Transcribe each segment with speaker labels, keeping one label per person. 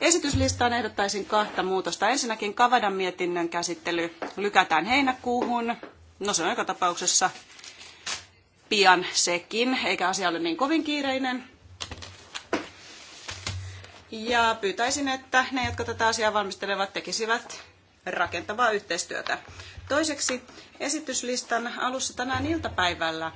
Speaker 1: Esityslistaan ehdottaisin kahta muutosta. Ensinnäkin Kavadan mietinnön käsittely lykätään heinäkuuhun. No se on joka tapauksessa pian sekin, eikä asia ole niin kovin kiireinen. Ja pyytäisin, että ne, jotka tätä asiaa valmistelevat, tekisivät rakentavaa yhteistyötä. Toiseksi esityslistan alussa tänään iltapäivällä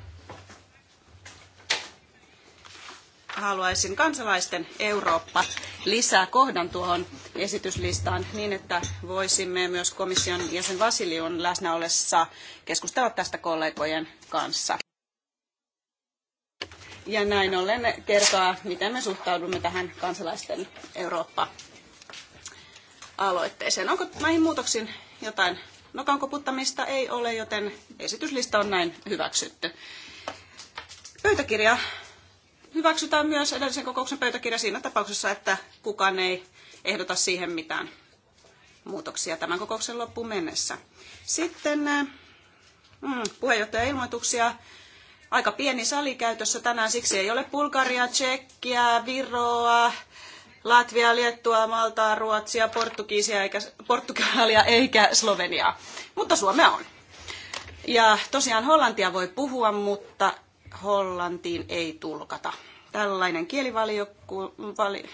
Speaker 1: haluaisin kansalaisten Eurooppa lisää kohdan tuohon esityslistaan niin, että voisimme myös komission jäsen Vasilion läsnä ollessa keskustella tästä kollegojen kanssa. Ja näin ollen kertoa, miten me suhtaudumme tähän kansalaisten Eurooppa-aloitteeseen. Onko näihin muutoksiin jotain nokan koputtamista? Ei ole, joten esityslista on näin hyväksytty. Pöytäkirja hyväksytään myös edellisen kokouksen pöytäkirja siinä tapauksessa, että kukaan ei ehdota siihen mitään muutoksia tämän kokouksen loppuun mennessä. Sitten äh, mm, puheenjohtajan ilmoituksia. Aika pieni sali käytössä tänään, siksi ei ole Bulgaria, Tsekkiä, Viroa, Latvia, Liettua, Maltaa, Ruotsia, Portugisia, eikä, Portugalia eikä Sloveniaa. Mutta Suomea on. Ja tosiaan Hollantia voi puhua, mutta hollantiin ei tulkata. Tällainen kielivalioku, vali,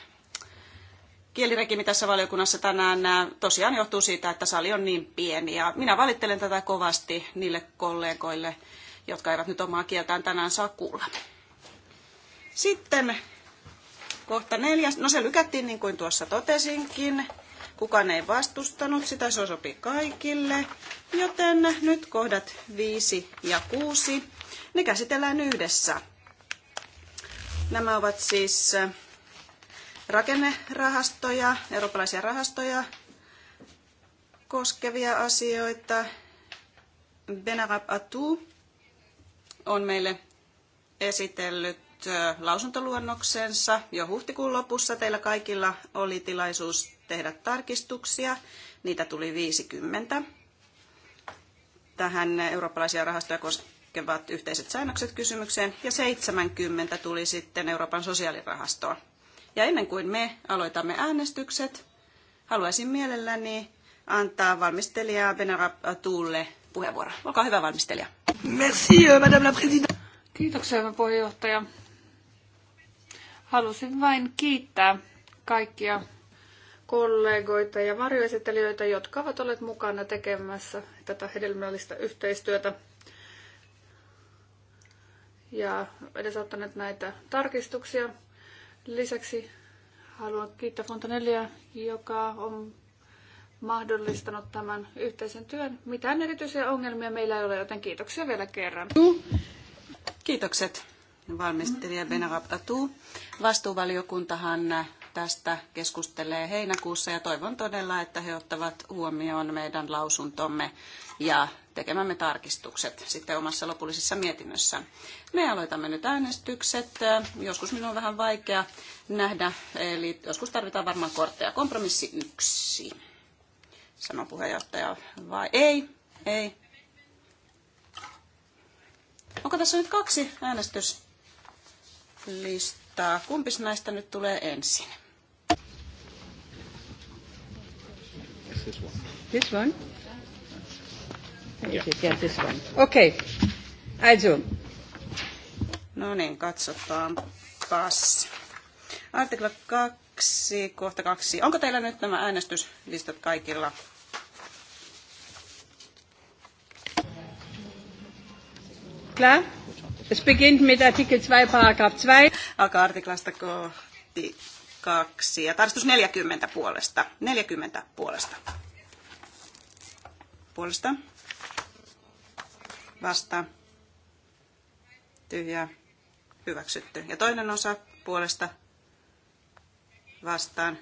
Speaker 1: kielirikimi tässä valiokunnassa tänään tosiaan johtuu siitä, että sali on niin pieni. Ja minä valittelen tätä kovasti niille kollegoille, jotka eivät nyt omaa kieltään tänään saa kuulla. Sitten kohta neljäs. No se lykättiin niin kuin tuossa totesinkin. Kukaan ei vastustanut sitä, se sopii kaikille. Joten nyt kohdat viisi ja kuusi ne käsitellään yhdessä. Nämä ovat siis äh, rakennerahastoja, eurooppalaisia rahastoja koskevia asioita. Benarab Atu on meille esitellyt äh, lausuntoluonnoksensa jo huhtikuun lopussa. Teillä kaikilla oli tilaisuus tehdä tarkistuksia. Niitä tuli 50 tähän eurooppalaisia rahastoja kos- koskevat yhteiset säännökset kysymykseen ja 70 tuli sitten Euroopan sosiaalirahastoon. Ja ennen kuin me aloitamme äänestykset, haluaisin mielelläni antaa valmistelija Benarab Tuulle puheenvuoron. Olkaa hyvä valmistelija. Merci, euh, madame la présidente. Kiitoksia, hyvä puheenjohtaja.
Speaker 2: Halusin vain kiittää kaikkia kollegoita ja varjoesittelijöitä, jotka ovat olleet mukana tekemässä tätä hedelmällistä yhteistyötä ja edesauttaneet näitä tarkistuksia. Lisäksi haluan kiittää Fontanellia, joka on mahdollistanut tämän yhteisen työn. Mitään erityisiä ongelmia
Speaker 1: meillä ei ole, joten kiitoksia vielä kerran. Kiitokset valmistelija Benarab Atu. Vastuuvaliokuntahan tästä keskustelee heinäkuussa ja toivon todella, että he ottavat huomioon meidän lausuntomme ja tekemämme tarkistukset sitten omassa lopullisessa mietinnössä. Me aloitamme nyt äänestykset. Joskus minun on vähän vaikea nähdä, eli joskus tarvitaan varmaan kortteja. Kompromissi yksi. Sano puheenjohtaja vai ei? Ei. Onko tässä nyt kaksi äänestyslistaa? Kumpis näistä nyt tulee ensin? this one. This one? Yeah.
Speaker 3: Yeah, this one. Okay. do.
Speaker 1: No niin, taas. Artikla 2, kohta 2. Onko teillä nyt nämä äänestyslistat kaikilla? Klar? Es beginnt mit Artikel 2, Paragraph 2. Alkaa artiklasta kohti kaksi ja tarkistus 40 puolesta. 40 puolesta. Puolesta. Vasta. Tyhjä. Hyväksytty. Ja toinen osa puolesta. Vastaan.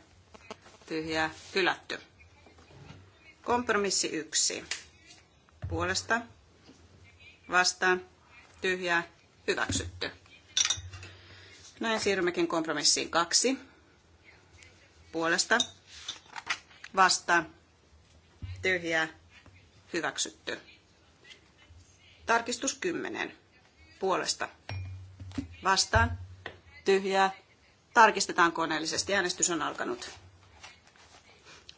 Speaker 1: tyhjä Hylätty. Kompromissi yksi Puolesta. Vastaan. tyhjä Hyväksytty. Näin siirrymmekin kompromissiin kaksi puolesta vasta tyhjää hyväksytty. Tarkistus 10 puolesta vastaan tyhjää. Tarkistetaan koneellisesti. Äänestys on alkanut.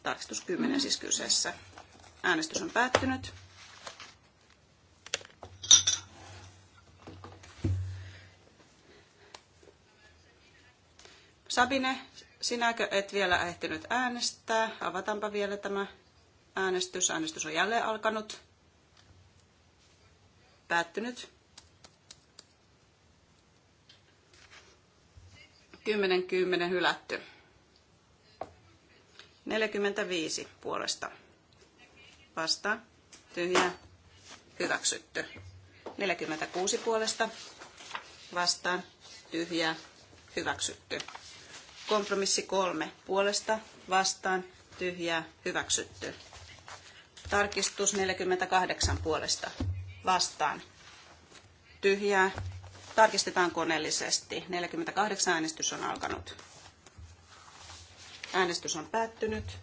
Speaker 1: Tarkistus 10 siis kyseessä. Äänestys on päättynyt. Sabine, sinäkö et vielä ehtinyt äänestää? Avataanpa vielä tämä äänestys. Äänestys on jälleen alkanut. Päättynyt. 10 10 hylätty. 45 puolesta. Vasta. Tyhjä. Hyväksytty. 46 puolesta. Vastaan. Tyhjä. Hyväksytty. Kompromissi kolme puolesta vastaan tyhjää hyväksytty. Tarkistus 48 puolesta vastaan tyhjää. Tarkistetaan koneellisesti. 48 äänestys on alkanut. Äänestys on päättynyt.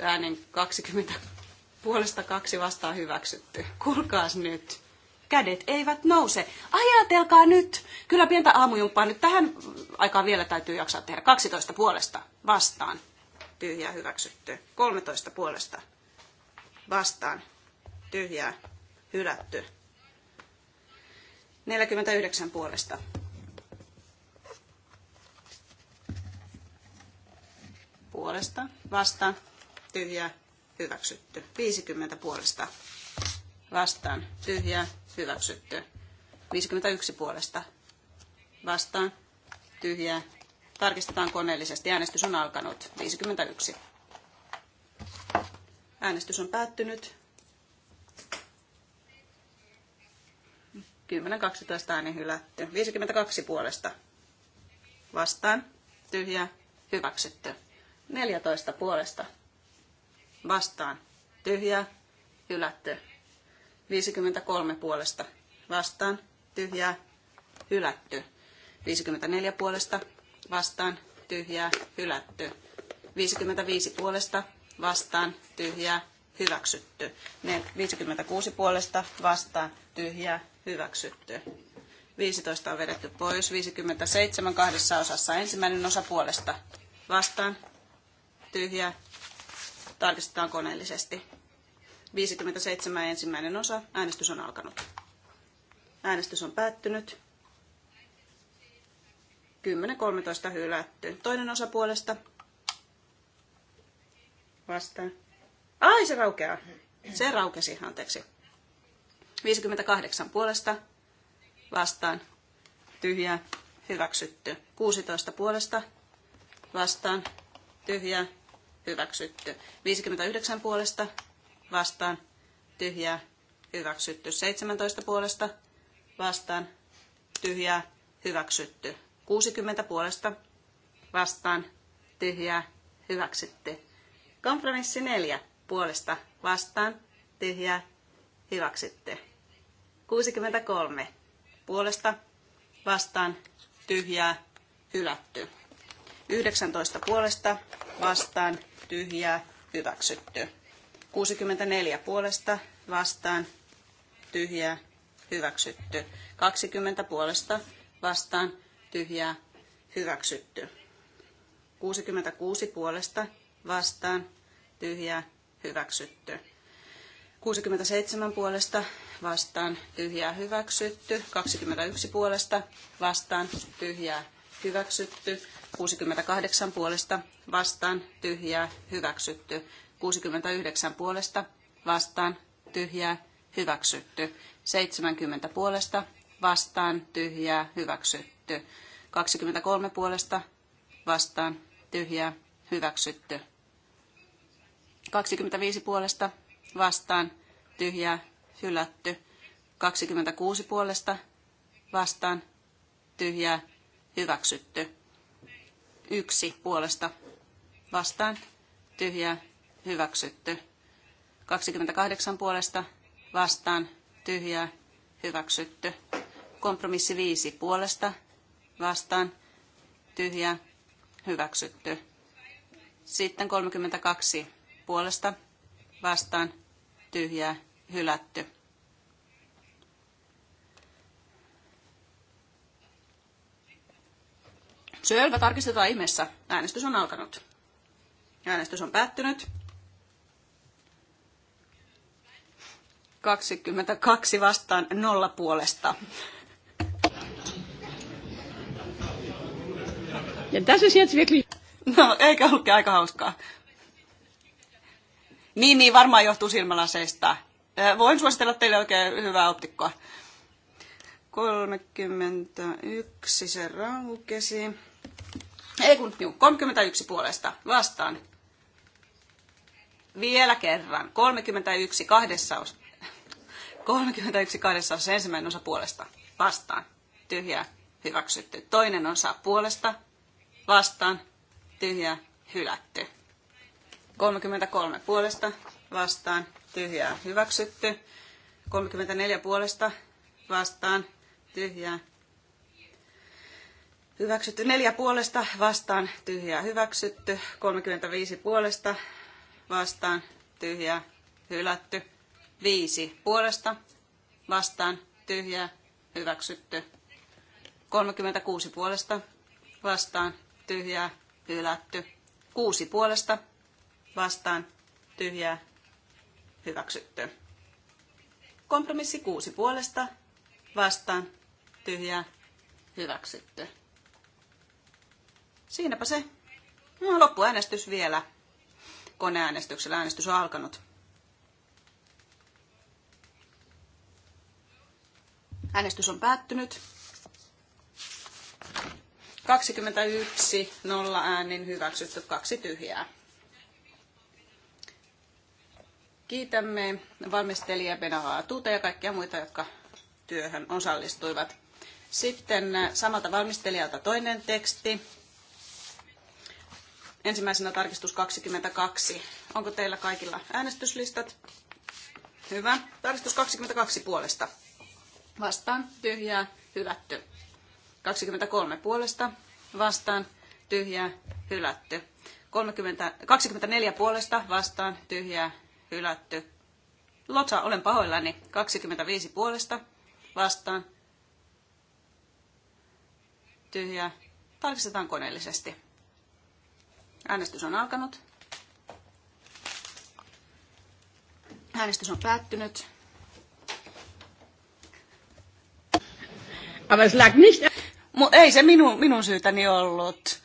Speaker 1: Äänen 20 puolesta kaksi vastaan hyväksytty. Kuulkaas nyt kädet eivät nouse. Ajatelkaa nyt! Kyllä pientä aamujumppaa nyt tähän aikaan vielä täytyy jaksaa tehdä. 12 puolesta vastaan. Tyhjää hyväksytty. 13 puolesta vastaan. Tyhjää hylätty. 49 puolesta. Puolesta vastaan. Tyhjää hyväksytty. 50 puolesta vastaan, tyhjää, hyväksytty. 51 puolesta vastaan, tyhjää. Tarkistetaan koneellisesti. Äänestys on alkanut. 51. Äänestys on päättynyt. 10-12 ääni hylätty. 52 puolesta vastaan, tyhjää, hyväksytty. 14 puolesta vastaan, tyhjää, hylätty. 53 puolesta vastaan, tyhjää, hylätty. 54 puolesta vastaan, tyhjää, hylätty. 55 puolesta vastaan, tyhjää, hyväksytty. 56 puolesta vastaan, tyhjää, hyväksytty. 15 on vedetty pois, 57 kahdessa osassa ensimmäinen osa puolesta vastaan, tyhjää, tarkistetaan koneellisesti. 57 ensimmäinen osa. Äänestys on alkanut. Äänestys on päättynyt. 10.13 hylätty. Toinen osa puolesta. Vastaan. Ai, se raukeaa. Se raukesi, anteeksi. 58 puolesta. Vastaan. tyhjä Hyväksytty. 16 puolesta. Vastaan. tyhjä Hyväksytty. 59 puolesta vastaan, tyhjää, hyväksytty. 17 puolesta vastaan, tyhjää, hyväksytty. 60 puolesta vastaan, tyhjää, hyväksytty. Kompromissi 4 puolesta vastaan, tyhjää, hyväksytty. 63 puolesta vastaan, tyhjää, hylätty. 19 puolesta vastaan, tyhjää, hyväksytty. 64 puolesta vastaan tyhjää hyväksytty. 20 puolesta vastaan tyhjää hyväksytty. 66 puolesta vastaan tyhjää hyväksytty. 67 puolesta vastaan tyhjää hyväksytty. 21 puolesta vastaan tyhjää hyväksytty. 68 puolesta vastaan tyhjää hyväksytty. 69 puolesta vastaan tyhjää hyväksytty. 70 puolesta vastaan tyhjää hyväksytty. 23 puolesta vastaan tyhjää hyväksytty. 25 puolesta vastaan tyhjää hylätty. 26 puolesta vastaan tyhjää hyväksytty. 1 puolesta vastaan tyhjää hyväksytty. 28 puolesta vastaan tyhjää hyväksytty. Kompromissi 5 puolesta vastaan tyhjää hyväksytty. Sitten 32 puolesta vastaan tyhjää hylätty. Selvä, tarkistetaan ihmeessä. Äänestys on alkanut. Äänestys on päättynyt. 22 vastaan nolla puolesta. Ja tässä on jetzt No, eikä ollutkin aika hauskaa. Niin, niin, varmaan johtuu silmälaseista. Voin suositella teille oikein hyvää optikkoa. 31 se raukesi. Ei kun, juu, 31 puolesta vastaan. Vielä kerran. 31 kahdessa osassa. 31 kahdessa osassa ensimmäinen osa puolesta vastaan. tyhjä hyväksytty. Toinen osa puolesta vastaan. Tyhjä. hylätty. 33 puolesta vastaan. Tyhjää hyväksytty. 34 puolesta vastaan. tyhjä Hyväksytty neljä puolesta, vastaan Tyhjä. hyväksytty. 35 puolesta, vastaan tyhjä hylätty. 5 puolesta vastaan tyhjää hyväksytty. 36 puolesta vastaan tyhjää hylätty. 6 puolesta vastaan tyhjää hyväksytty. Kompromissi 6 puolesta vastaan tyhjää hyväksytty. Siinäpä se. No, loppuäänestys vielä. Koneäänestyksellä äänestys on alkanut. Äänestys on päättynyt. 21, nolla äänin hyväksytty, kaksi tyhjää. Kiitämme valmistelija Benahaa Tuuta ja kaikkia muita, jotka työhön osallistuivat. Sitten samalta valmistelijalta toinen teksti. Ensimmäisenä tarkistus 22. Onko teillä kaikilla äänestyslistat? Hyvä. Tarkistus 22 puolesta vastaan tyhjää hylätty. 23 puolesta vastaan tyhjää hylätty. 30, 24 puolesta vastaan tyhjää hylätty. Lotsa, olen pahoillani. 25 puolesta vastaan tyhjää. Tarkistetaan koneellisesti. Äänestys on alkanut. Äänestys on päättynyt. Aber es lag nicht... Mu- ei se minu, minun syytäni ollut.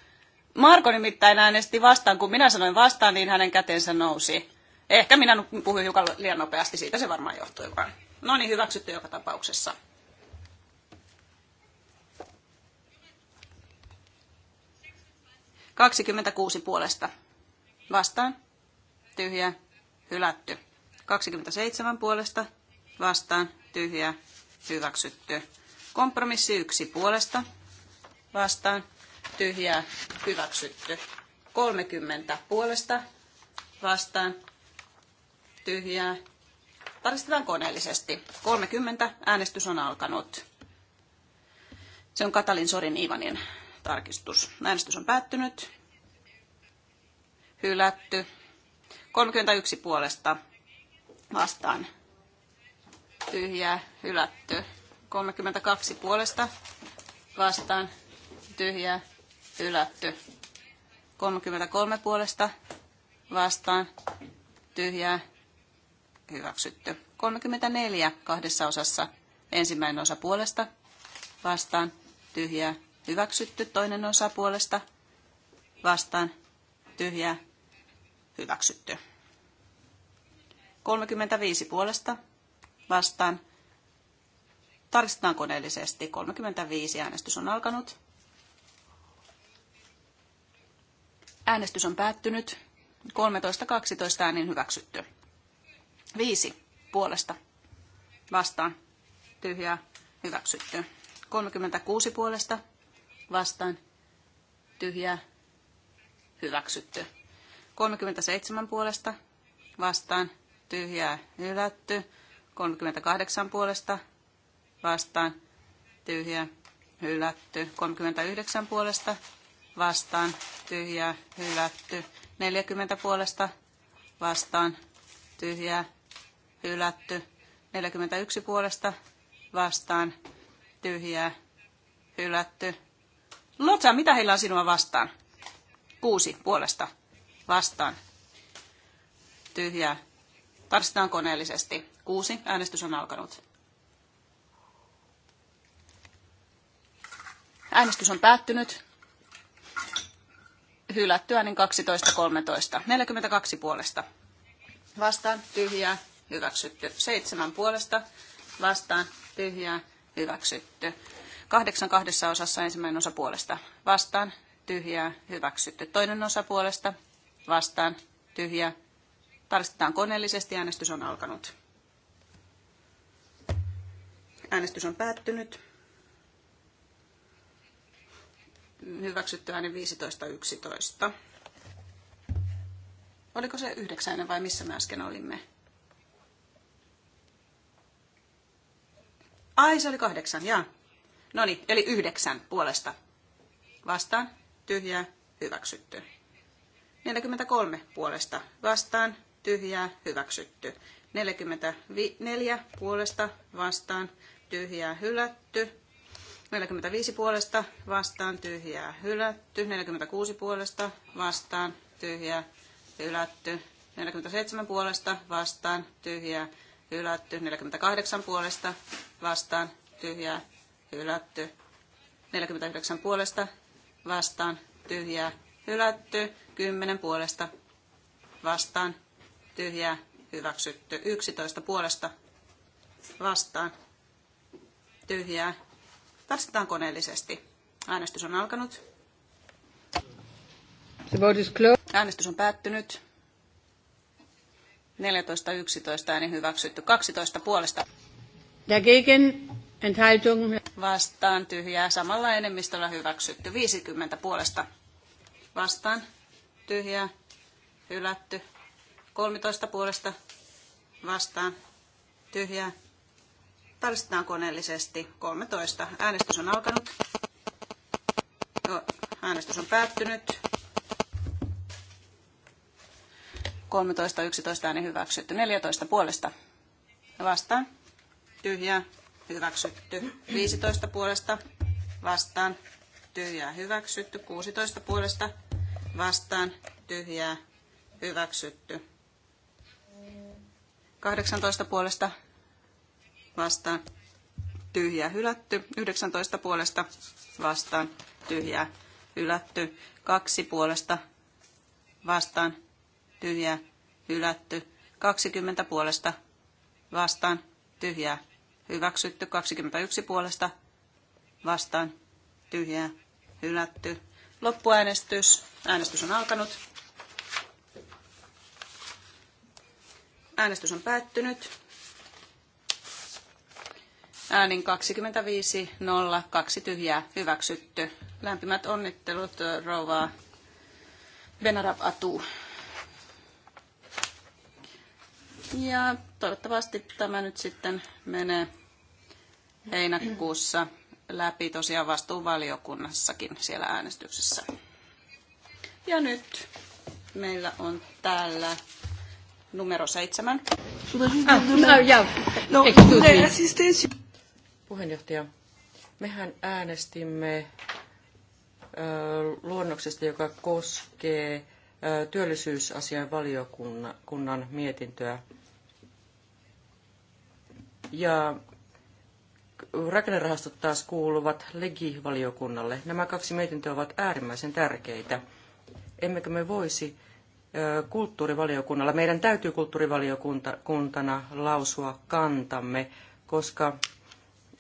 Speaker 1: Marko nimittäin äänesti vastaan. Kun minä sanoin vastaan, niin hänen kätensä nousi. Ehkä minä puhuin hiukan liian nopeasti. Siitä se varmaan johtui vaan. No niin, hyväksytty joka tapauksessa. kuusi puolesta. Vastaan. Tyhjä. Hylätty. 27 puolesta. Vastaan. Tyhjä. Hyväksytty. Kompromissi yksi puolesta vastaan tyhjää hyväksytty. 30 puolesta vastaan tyhjää. Tarkistetaan koneellisesti. 30 äänestys on alkanut. Se on Katalin Sorin Ivanin tarkistus. Äänestys on päättynyt. Hylätty. 31 puolesta vastaan tyhjää, hylätty. 32 puolesta vastaan tyhjä hylätty. 33 puolesta vastaan tyhjää hyväksytty. 34 kahdessa osassa ensimmäinen osa puolesta vastaan tyhjää hyväksytty. Toinen osa puolesta vastaan tyhjää hyväksytty. 35 puolesta vastaan Tarkistetaan koneellisesti. 35 äänestys on alkanut. Äänestys on päättynyt. 13.12 äänin hyväksytty. 5 puolesta vastaan. Tyhjää hyväksytty. 36 puolesta vastaan. Tyhjää hyväksytty. 37 puolesta vastaan. Tyhjää hylätty. 38 puolesta vastaan tyhjää hylätty. 39 puolesta vastaan tyhjää hylätty. 40 puolesta vastaan tyhjää hylätty. 41 puolesta vastaan tyhjää hylätty. Lotsa, mitä heillä on sinua vastaan? Kuusi puolesta vastaan tyhjää. Tarkistetaan koneellisesti. Kuusi. Äänestys on alkanut. Äänestys on päättynyt. niin 12, 13. 42 puolesta. Vastaan tyhjää, hyväksytty. 7 puolesta. Vastaan tyhjää, hyväksytty. Kahdeksan kahdessa osassa ensimmäinen osa puolesta. Vastaan tyhjää, hyväksytty. Toinen osa puolesta. Vastaan tyhjää. Tarkistetaan koneellisesti. Äänestys on alkanut. Äänestys on päättynyt hyväksytty ääni 15.11. Oliko se yhdeksäinen vai missä me äsken olimme? Ai, se oli kahdeksan, jaa. No niin, eli yhdeksän puolesta. Vastaan, tyhjää, hyväksytty. 43 puolesta vastaan, tyhjää, hyväksytty. 44 puolesta vastaan, tyhjää, hylätty. 45 puolesta vastaan tyhjää hylätty. 46 puolesta vastaan tyhjää hylätty. 47 puolesta vastaan tyhjää hylätty. 48 puolesta vastaan tyhjää hylätty. 49 puolesta vastaan tyhjää hylätty. 10 puolesta vastaan tyhjää hyväksytty. 11 puolesta vastaan tyhjää Tarkistetaan koneellisesti. Äänestys on alkanut. Äänestys on päättynyt. 14.11 ääni hyväksytty. 12 puolesta. Dagegen
Speaker 2: Enthaltung.
Speaker 1: Vastaan tyhjää. Samalla enemmistöllä hyväksytty. 50 puolesta. Vastaan tyhjää. Hylätty. 13 puolesta. Vastaan tyhjää. Tarkistetaan koneellisesti. 13. Äänestys on alkanut. Äänestys on päättynyt. 13, 11 ääni hyväksytty. 14 puolesta vastaan. Tyhjä. hyväksytty. 15 puolesta vastaan. Tyhjää hyväksytty. 16 puolesta vastaan. Tyhjää hyväksytty. 18 puolesta vastaan tyhjää hylätty. 19 puolesta vastaan tyhjää hylätty. 2 puolesta vastaan tyhjää hylätty. 20 puolesta vastaan tyhjää hyväksytty. 21 puolesta vastaan tyhjää hylätty. Loppuäänestys. Äänestys on alkanut. Äänestys on päättynyt äänin 25 0, tyhjää hyväksytty. Lämpimät onnittelut äh, rouva Benarab Atu. Ja toivottavasti tämä nyt sitten menee heinäkuussa läpi tosiaan vastuuvaliokunnassakin siellä äänestyksessä. Ja nyt meillä on täällä numero seitsemän. Ah, no, yeah. no, no,
Speaker 3: Puheenjohtaja, mehän äänestimme luonnoksesta, joka koskee työllisyysasian valiokunnan mietintöä. Ja rakennerahastot taas kuuluvat legivaliokunnalle. Nämä kaksi mietintöä ovat äärimmäisen tärkeitä. Emmekö me voisi kulttuurivaliokunnalla, meidän täytyy kulttuurivaliokuntana lausua kantamme, koska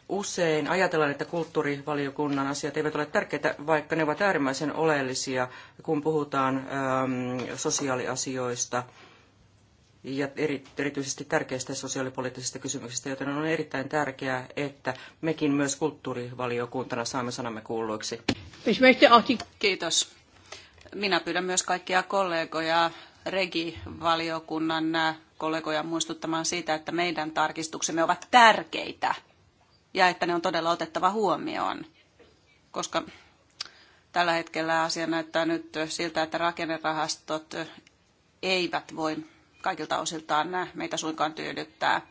Speaker 3: usein ajatellaan, että kulttuurivaliokunnan asiat eivät ole tärkeitä, vaikka ne ovat äärimmäisen oleellisia, kun puhutaan ähm, sosiaaliasioista ja erityisesti tärkeistä sosiaalipoliittisista kysymyksistä, joten on erittäin tärkeää, että mekin myös kulttuurivaliokuntana saamme sanamme kuulluiksi.
Speaker 1: Kiitos. Minä pyydän myös kaikkia kollegoja Regi-valiokunnan kollegoja muistuttamaan siitä, että meidän tarkistuksemme ovat tärkeitä ja että ne on todella otettava huomioon, koska tällä hetkellä asia näyttää nyt siltä, että rakennerahastot eivät voi kaikilta osiltaan meitä suinkaan tyydyttää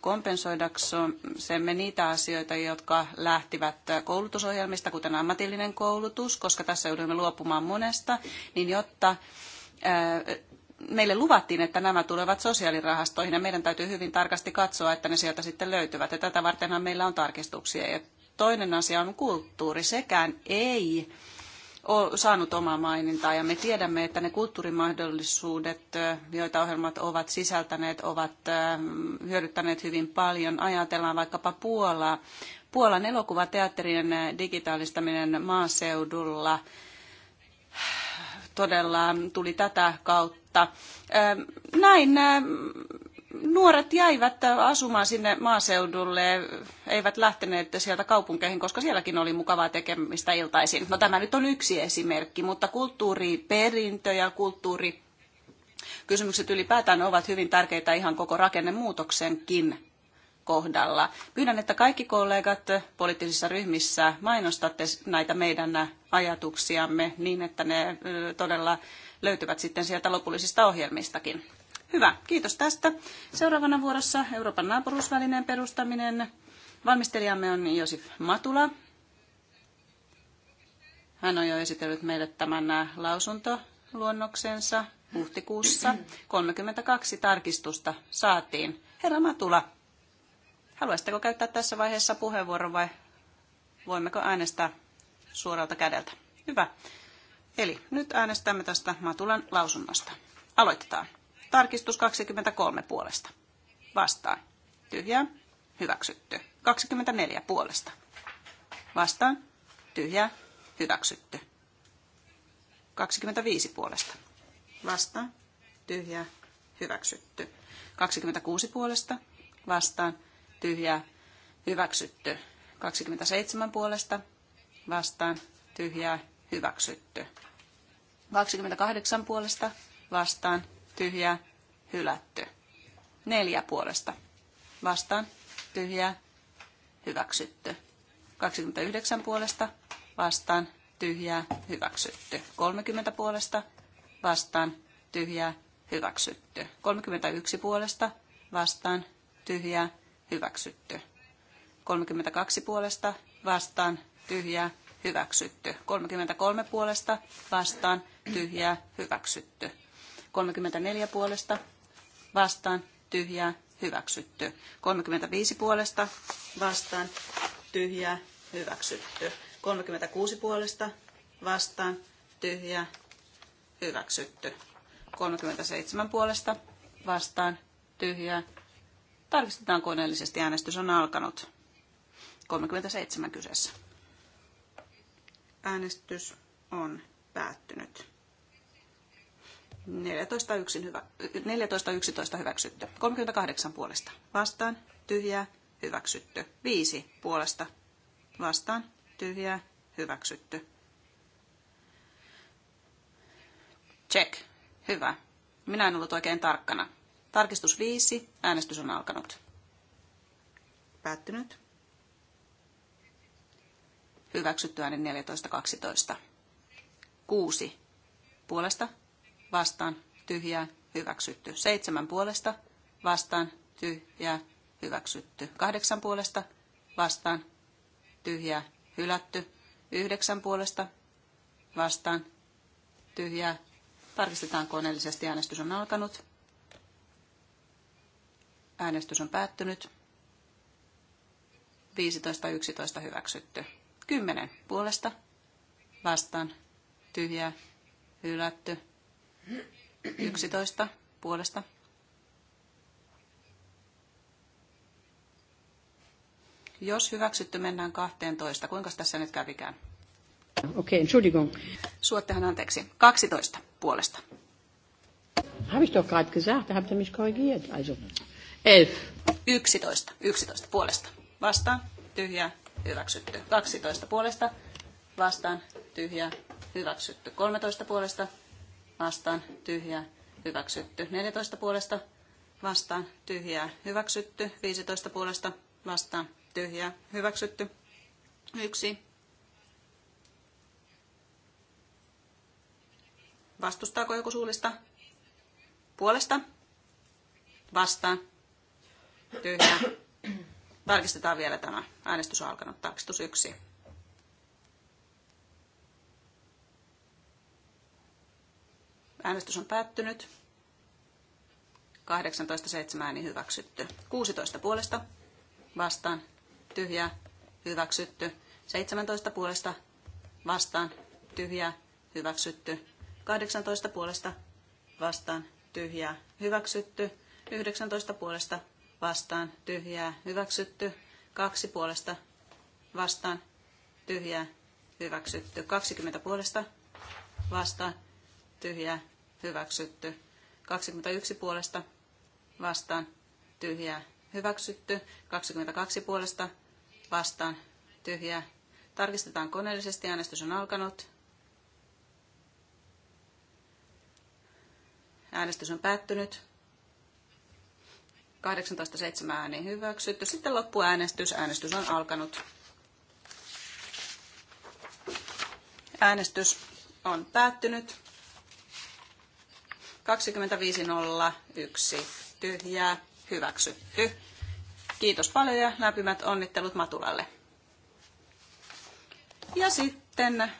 Speaker 1: kompensoidaksemme niitä asioita, jotka lähtivät koulutusohjelmista, kuten ammatillinen koulutus, koska tässä joudumme luopumaan monesta, niin jotta meille luvattiin, että nämä tulevat sosiaalirahastoihin ja meidän täytyy hyvin tarkasti katsoa, että ne sieltä sitten löytyvät. Ja tätä vartenhan meillä on tarkistuksia. Ja toinen asia on kulttuuri. Sekään ei ole saanut omaa mainintaa ja me tiedämme, että ne kulttuurimahdollisuudet, joita ohjelmat ovat sisältäneet, ovat hyödyttäneet hyvin paljon. Ajatellaan vaikkapa Puolaa. Puolan elokuvateatterien digitaalistaminen maaseudulla – todella tuli tätä kautta. Näin nuoret jäivät asumaan sinne maaseudulle, eivät lähteneet sieltä kaupunkeihin, koska sielläkin oli mukavaa tekemistä iltaisin. No tämä nyt on yksi esimerkki, mutta kulttuuriperintö ja kulttuuri Kysymykset ylipäätään ovat hyvin tärkeitä ihan koko rakennemuutoksenkin kohdalla. Pyydän, että kaikki kollegat poliittisissa ryhmissä mainostatte näitä meidän ajatuksiamme niin, että ne todella löytyvät sitten sieltä lopullisista ohjelmistakin. Hyvä, kiitos tästä. Seuraavana vuorossa Euroopan naapuruusvälineen perustaminen. Valmistelijamme on Josif Matula. Hän on jo esitellyt meille tämän lausuntoluonnoksensa huhtikuussa. 32 tarkistusta saatiin. Herra Matula, Haluaisitteko käyttää tässä vaiheessa puheenvuoron vai voimmeko äänestää suoralta kädeltä? Hyvä. Eli nyt äänestämme tästä Matulan lausunnosta. Aloitetaan. Tarkistus 23 puolesta. Vastaan. Tyhjää. Hyväksytty. 24 puolesta. Vastaan. Tyhjää. Hyväksytty. 25 puolesta. Vastaan. Tyhjää. Hyväksytty. 26 puolesta. Vastaan tyhjää, hyväksytty. 27 puolesta vastaan, tyhjää, hyväksytty. 28 puolesta vastaan, tyhjää, hylätty. 4 puolesta vastaan, tyhjää, hyväksytty. 29 puolesta vastaan, tyhjää, hyväksytty. 30 puolesta vastaan, tyhjää, hyväksytty. 31 puolesta vastaan, tyhjää, hyväksytty. 32 puolesta vastaan tyhjää hyväksytty. 33 puolesta vastaan tyhjää hyväksytty. 34 puolesta vastaan tyhjää hyväksytty. 35 puolesta vastaan tyhjää hyväksytty. 36 puolesta vastaan tyhjää hyväksytty. 37 puolesta vastaan tyhjää Tarkistetaan koneellisesti. Äänestys on alkanut. 37 kyseessä. Äänestys on päättynyt. 14.11 hyvä, 14, hyväksytty. 38 puolesta. Vastaan. Tyhjää. Hyväksytty. 5 puolesta. Vastaan. Tyhjää. Hyväksytty. Check. Hyvä. Minä en ollut oikein tarkkana. Tarkistus 5. Äänestys on alkanut. Päättynyt. Hyväksytty äänen 14.12. 6. Puolesta. Vastaan. Tyhjää. Hyväksytty. 7. Puolesta. Vastaan. Tyhjää. Hyväksytty. 8. Puolesta. Vastaan. Tyhjää. Hylätty. 9. Puolesta. Vastaan. Tyhjää. Tarkistetaan koneellisesti. Äänestys on alkanut. Äänestys on päättynyt. 15.11 hyväksytty. 10 puolesta vastaan tyhjää hylätty. 11 puolesta Jos hyväksytty, mennään 12. Kuinka tässä nyt kävikään? Okei, okay, entschuldigung. Suottehan anteeksi. 12 puolesta. Habe ich doch gerade gesagt, da habt
Speaker 3: ihr mich korrigiert. Also ei.
Speaker 1: 11. 11 puolesta. Vastaan. Tyhjä. Hyväksytty. 12 puolesta. Vastaan. Tyhjä. Hyväksytty. 13 puolesta. Vastaan. Tyhjä. Hyväksytty. 14 puolesta. Vastaan. Tyhjä. Hyväksytty. 15 puolesta. Vastaan. Tyhjä. Hyväksytty. 1. Vastustaako joku suullista? Puolesta? Vastaan tyhjä. Tarkistetaan vielä tämä. Äänestys on alkanut. Tarkistus yksi. Äänestys on päättynyt. 18.7 ääni hyväksytty. 16 puolesta vastaan Tyhjä. hyväksytty. 17 puolesta vastaan Tyhjä. hyväksytty. 18 puolesta vastaan Tyhjä. hyväksytty. 19 puolesta vastaan tyhjää hyväksytty. Kaksi puolesta vastaan tyhjää hyväksytty. 20 puolesta vastaan tyhjää hyväksytty. 21 puolesta vastaan tyhjää hyväksytty. 22 puolesta vastaan tyhjää. Tarkistetaan koneellisesti. Äänestys on alkanut. Äänestys on päättynyt. 18.7 ääni hyväksytty. Sitten loppuäänestys. Äänestys on alkanut. Äänestys on päättynyt. 25.01 tyhjää hyväksytty. Kiitos paljon ja lämpimät onnittelut Matulalle. Ja sitten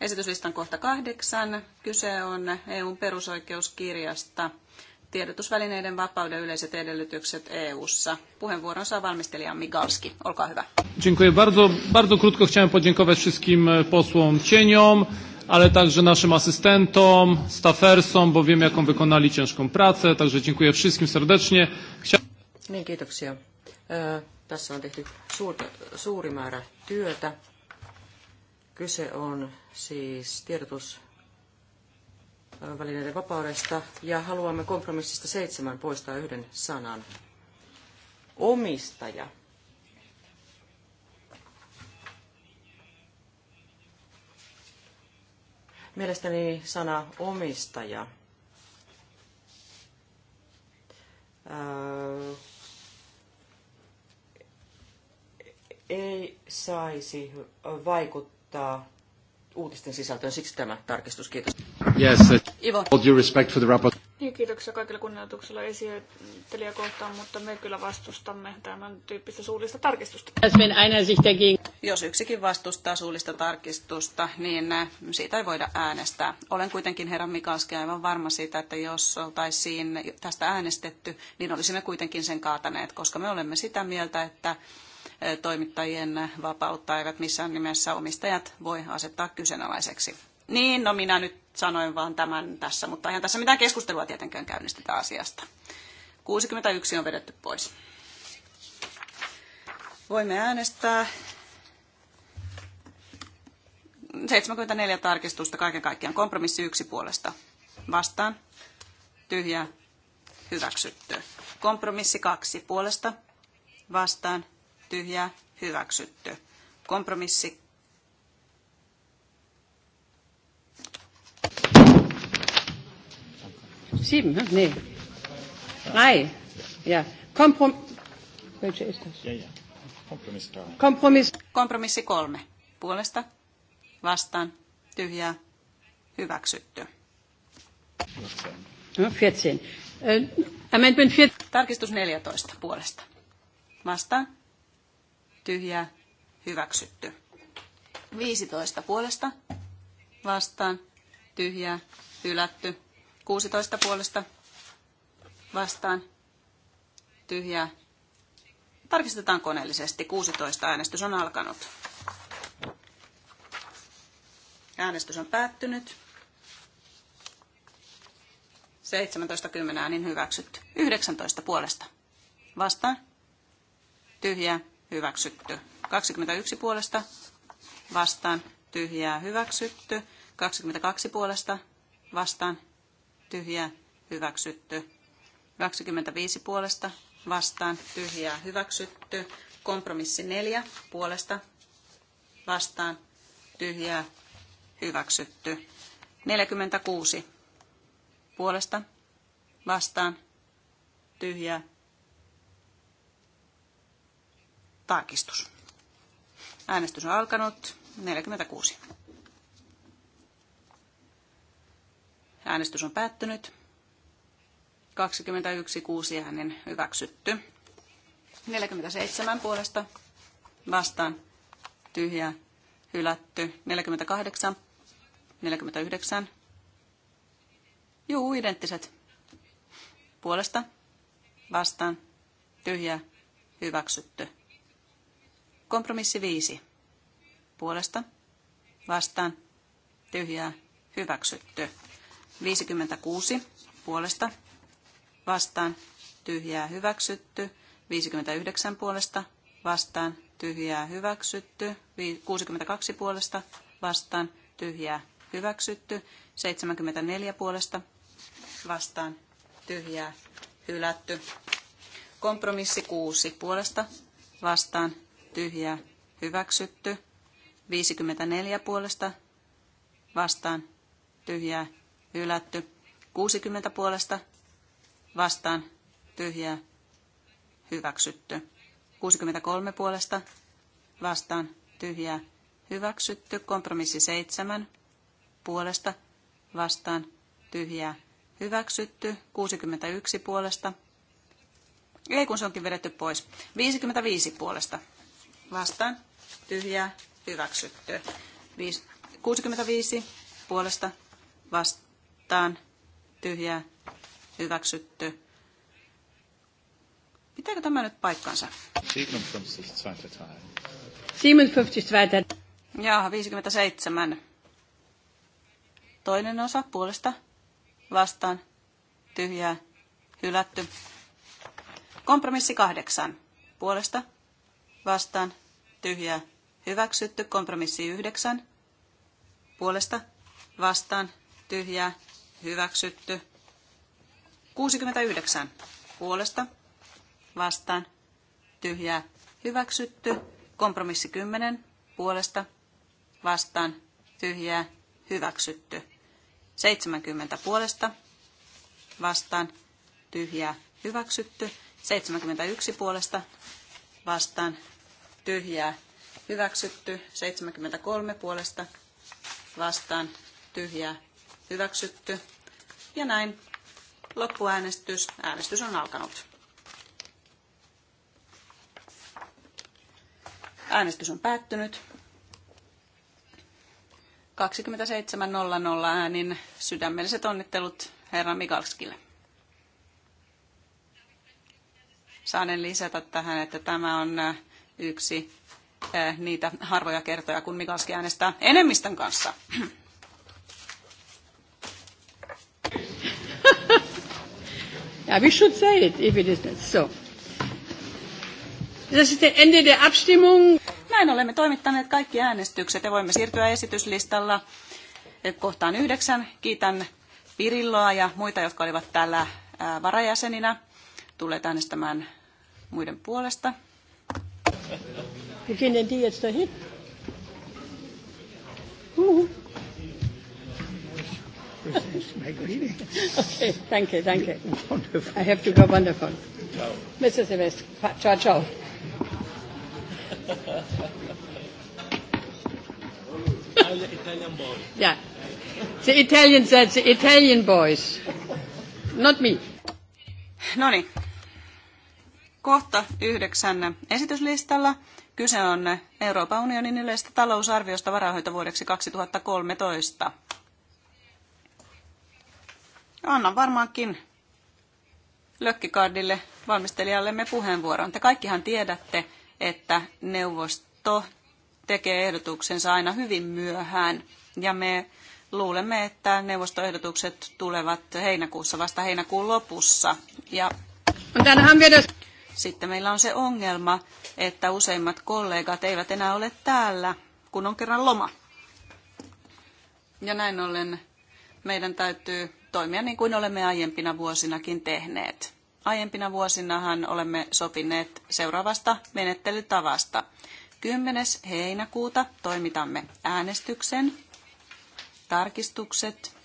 Speaker 1: esityslistan kohta kahdeksan. Kyse on EUn perusoikeuskirjasta – tiedotusvälineiden vapauden yleiset edellytykset EU-ssa. Puheenvuoron saa valmistelija Migalski. Olkaa hyvä.
Speaker 2: Dziękuję bardzo. Bardzo krótko chciałem podziękować wszystkim e, posłom cieniom, ale także naszym asystentom, staffersom, bo wiem jaką wykonali ciężką pracę. Także dziękuję wszystkim serdecznie. Chcia...
Speaker 3: Niin, kiitoksia. E, tässä on tehty suurta, suuri määrä työtä. Kyse on siis tiedotus välineiden vapaudesta ja haluamme kompromissista seitsemän poistaa yhden sanan. Omistaja. Mielestäni sana omistaja öö, ei saisi vaikuttaa uutisten sisältöön. Siksi tämä tarkistus. Kiitos. Yes, Ivo. All due respect for the rapport.
Speaker 2: Niin, kiitoksia kaikille kunnioituksella
Speaker 1: esittelijä kohtaan, mutta me kyllä vastustamme tämän tyyppistä suullista tarkistusta. Jos yksikin vastustaa suullista tarkistusta, niin äh, siitä ei voida äänestää. Olen kuitenkin herran Mikalski aivan varma siitä, että jos oltaisiin tästä äänestetty, niin olisimme kuitenkin sen kaataneet, koska me olemme sitä mieltä, että äh, toimittajien vapautta eivät missään nimessä omistajat voi asettaa kyseenalaiseksi. Niin, no minä nyt Sanoin vaan tämän tässä, mutta eihän tässä mitään keskustelua tietenkään käynnistetä asiasta. 61 on vedetty pois. Voimme äänestää 74 tarkistusta kaiken kaikkiaan. Kompromissi yksi puolesta. Vastaan. tyhjä Hyväksytty. Kompromissi kaksi puolesta. Vastaan. tyhjä Hyväksytty. Kompromissi Sieben, ne? Nee.
Speaker 3: Drei. Ja. Komprom Welche ist das? Ja, ja. Kompromiss drei.
Speaker 1: Kompromiss. Kompromissi kolme. Puolesta, vastaan, tyhjää, hyväksytty.
Speaker 3: 14. No, äh,
Speaker 1: Amendment 14. Tarkistus 14 puolesta. Vastaan. Tyhjää. Hyväksytty. 15 puolesta. Vastaan. Tyhjää. Hylätty. 16 puolesta vastaan tyhjää. Tarkistetaan koneellisesti. 16 äänestys on alkanut. Äänestys on päättynyt. 17.10 äänin hyväksytty. 19 puolesta. Vastaan. Tyhjää. Hyväksytty. 21 puolesta. Vastaan. Tyhjää. Hyväksytty. 22 puolesta. Vastaan tyhjää, hyväksytty. 25 puolesta vastaan, tyhjää, hyväksytty. Kompromissi 4 puolesta vastaan, tyhjää, hyväksytty. 46 puolesta vastaan, tyhjää, tarkistus. Äänestys on alkanut. 46. Äänestys on päättynyt. 21.6 äänen hyväksytty. 47 puolesta vastaan Tyhjä. hylätty. 48, 49. Juu, identtiset. Puolesta vastaan Tyhjä. hyväksytty. Kompromissi 5. Puolesta vastaan tyhjää hyväksytty. 56 puolesta vastaan tyhjää hyväksytty. 59 puolesta vastaan tyhjää hyväksytty. 62 puolesta vastaan tyhjää hyväksytty. 74 puolesta vastaan tyhjää hylätty. Kompromissi 6 puolesta vastaan tyhjää hyväksytty. 54 puolesta vastaan tyhjää hylätty. 60 puolesta vastaan tyhjää hyväksytty. 63 puolesta vastaan tyhjää hyväksytty. Kompromissi 7 puolesta vastaan tyhjää hyväksytty. 61 puolesta. Ei kun se onkin vedetty pois. 55 puolesta vastaan tyhjää hyväksytty. 65 puolesta vastaan vastaan tyhjää hyväksytty. Pitääkö tämä nyt paikkansa? 57. Ja 57. Toinen osa puolesta vastaan tyhjää hylätty. Kompromissi kahdeksan. Puolesta vastaan tyhjää hyväksytty. Kompromissi yhdeksän. Puolesta vastaan tyhjää hyväksytty. 69 puolesta vastaan tyhjää hyväksytty. Kompromissi 10 puolesta vastaan tyhjää hyväksytty. 70 puolesta vastaan tyhjää hyväksytty. 71 puolesta vastaan tyhjää hyväksytty. 73 puolesta vastaan tyhjää hyväksytty. Ja näin loppuäänestys. Äänestys on alkanut. Äänestys on päättynyt. 27.00 äänin sydämelliset onnittelut herra Mikalskille. Saanen lisätä tähän, että tämä on äh, yksi äh, niitä harvoja kertoja, kun Mikalski äänestää enemmistön kanssa.
Speaker 3: Ja, uh, we should say it if it is not so.
Speaker 1: Das ist der Ende der Abstimmung. Näin olemme toimittaneet kaikki äänestykset ja voimme siirtyä esityslistalla kohtaan yhdeksän. Kiitän Pirilloa ja muita, jotka olivat täällä varajäseninä. Tulee äänestämään muiden puolesta.
Speaker 3: Beginnen die jetzt dahin?
Speaker 1: presents my greeting.
Speaker 3: Okay, thank you, thank you. Wonderful. I have to go wonderful. Ciao. Mrs. Silvestri, ciao, ciao. Italian boys. Yeah. The Italians, that's the Italian boys. Not me.
Speaker 1: No niin. Kohta yhdeksän esityslistalla. Kyse on Euroopan unionin yleisestä talousarviosta varahoitovuodeksi 2013. Annan varmaankin Lökkikaardille valmistelijallemme puheenvuoron. Te kaikkihan tiedätte, että neuvosto tekee ehdotuksensa aina hyvin myöhään ja me luulemme, että neuvostoehdotukset tulevat heinäkuussa, vasta heinäkuun lopussa. Ja sitten meillä on se ongelma, että useimmat kollegat eivät enää ole täällä, kun on kerran loma. Ja näin ollen meidän täytyy toimia niin kuin olemme aiempina vuosinakin tehneet. Aiempina vuosinahan olemme sopineet seuraavasta menettelytavasta. 10. heinäkuuta toimitamme äänestyksen. Tarkistukset,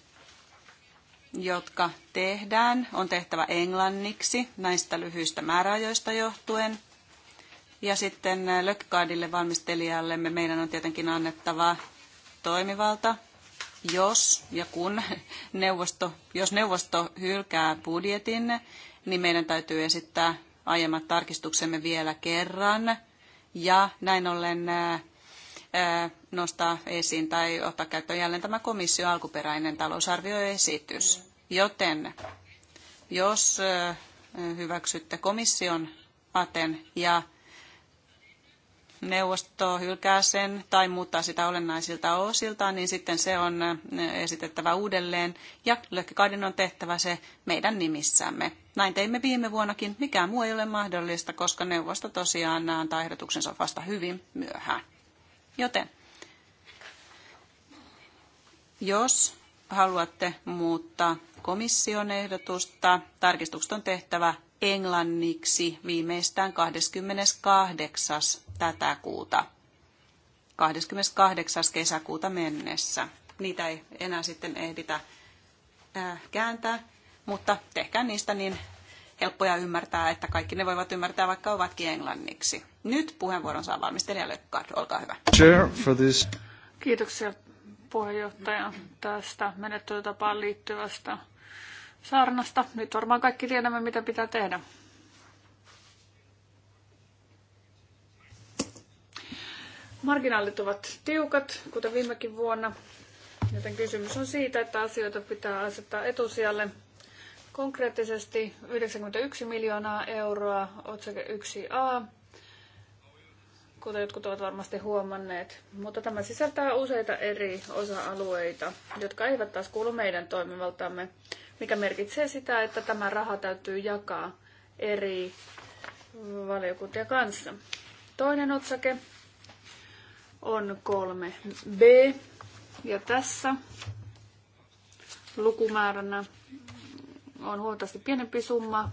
Speaker 1: jotka tehdään, on tehtävä englanniksi näistä lyhyistä määräajoista johtuen. Ja sitten Lökkaadille valmistelijallemme meidän on tietenkin annettava toimivalta jos ja kun neuvosto, jos neuvosto hylkää budjetin, niin meidän täytyy esittää aiemmat tarkistuksemme vielä kerran ja näin ollen nostaa esiin tai ottaa käyttöön jälleen tämä komission alkuperäinen talousarvioesitys. Joten jos hyväksytte komission Aten ja neuvosto hylkää sen tai muuttaa sitä olennaisilta osiltaan, niin sitten se on äh, esitettävä uudelleen ja Lökkikaiden on tehtävä se meidän nimissämme. Näin teimme viime vuonnakin. Mikään muu ei ole mahdollista, koska neuvosto tosiaan antaa ehdotuksensa vasta hyvin myöhään. Joten jos haluatte muuttaa komission ehdotusta, tarkistukset on tehtävä englanniksi viimeistään 28. tätä kuuta. 28. kesäkuuta mennessä. Niitä ei enää sitten ehditä äh, kääntää, mutta tehkää niistä niin helppoja ymmärtää, että kaikki ne voivat ymmärtää, vaikka ovatkin englanniksi. Nyt puheenvuoron saa valmistelija Lökkard, olkaa hyvä. Chair for this. Kiitoksia puheenjohtaja
Speaker 2: tästä menettelytapaan liittyvästä saarnasta. Nyt varmaan kaikki tiedämme, mitä pitää tehdä. Marginaalit ovat tiukat, kuten viimekin vuonna, joten kysymys on siitä, että asioita pitää asettaa etusijalle. Konkreettisesti 91 miljoonaa euroa otsake 1a kuten jotkut ovat varmasti huomanneet. Mutta tämä sisältää useita eri osa-alueita, jotka eivät taas kuulu meidän toimivaltaamme, mikä merkitsee sitä, että tämä raha täytyy jakaa eri valiokuntien kanssa. Toinen otsake on 3b, ja tässä lukumääränä on huomattavasti pienempi summa,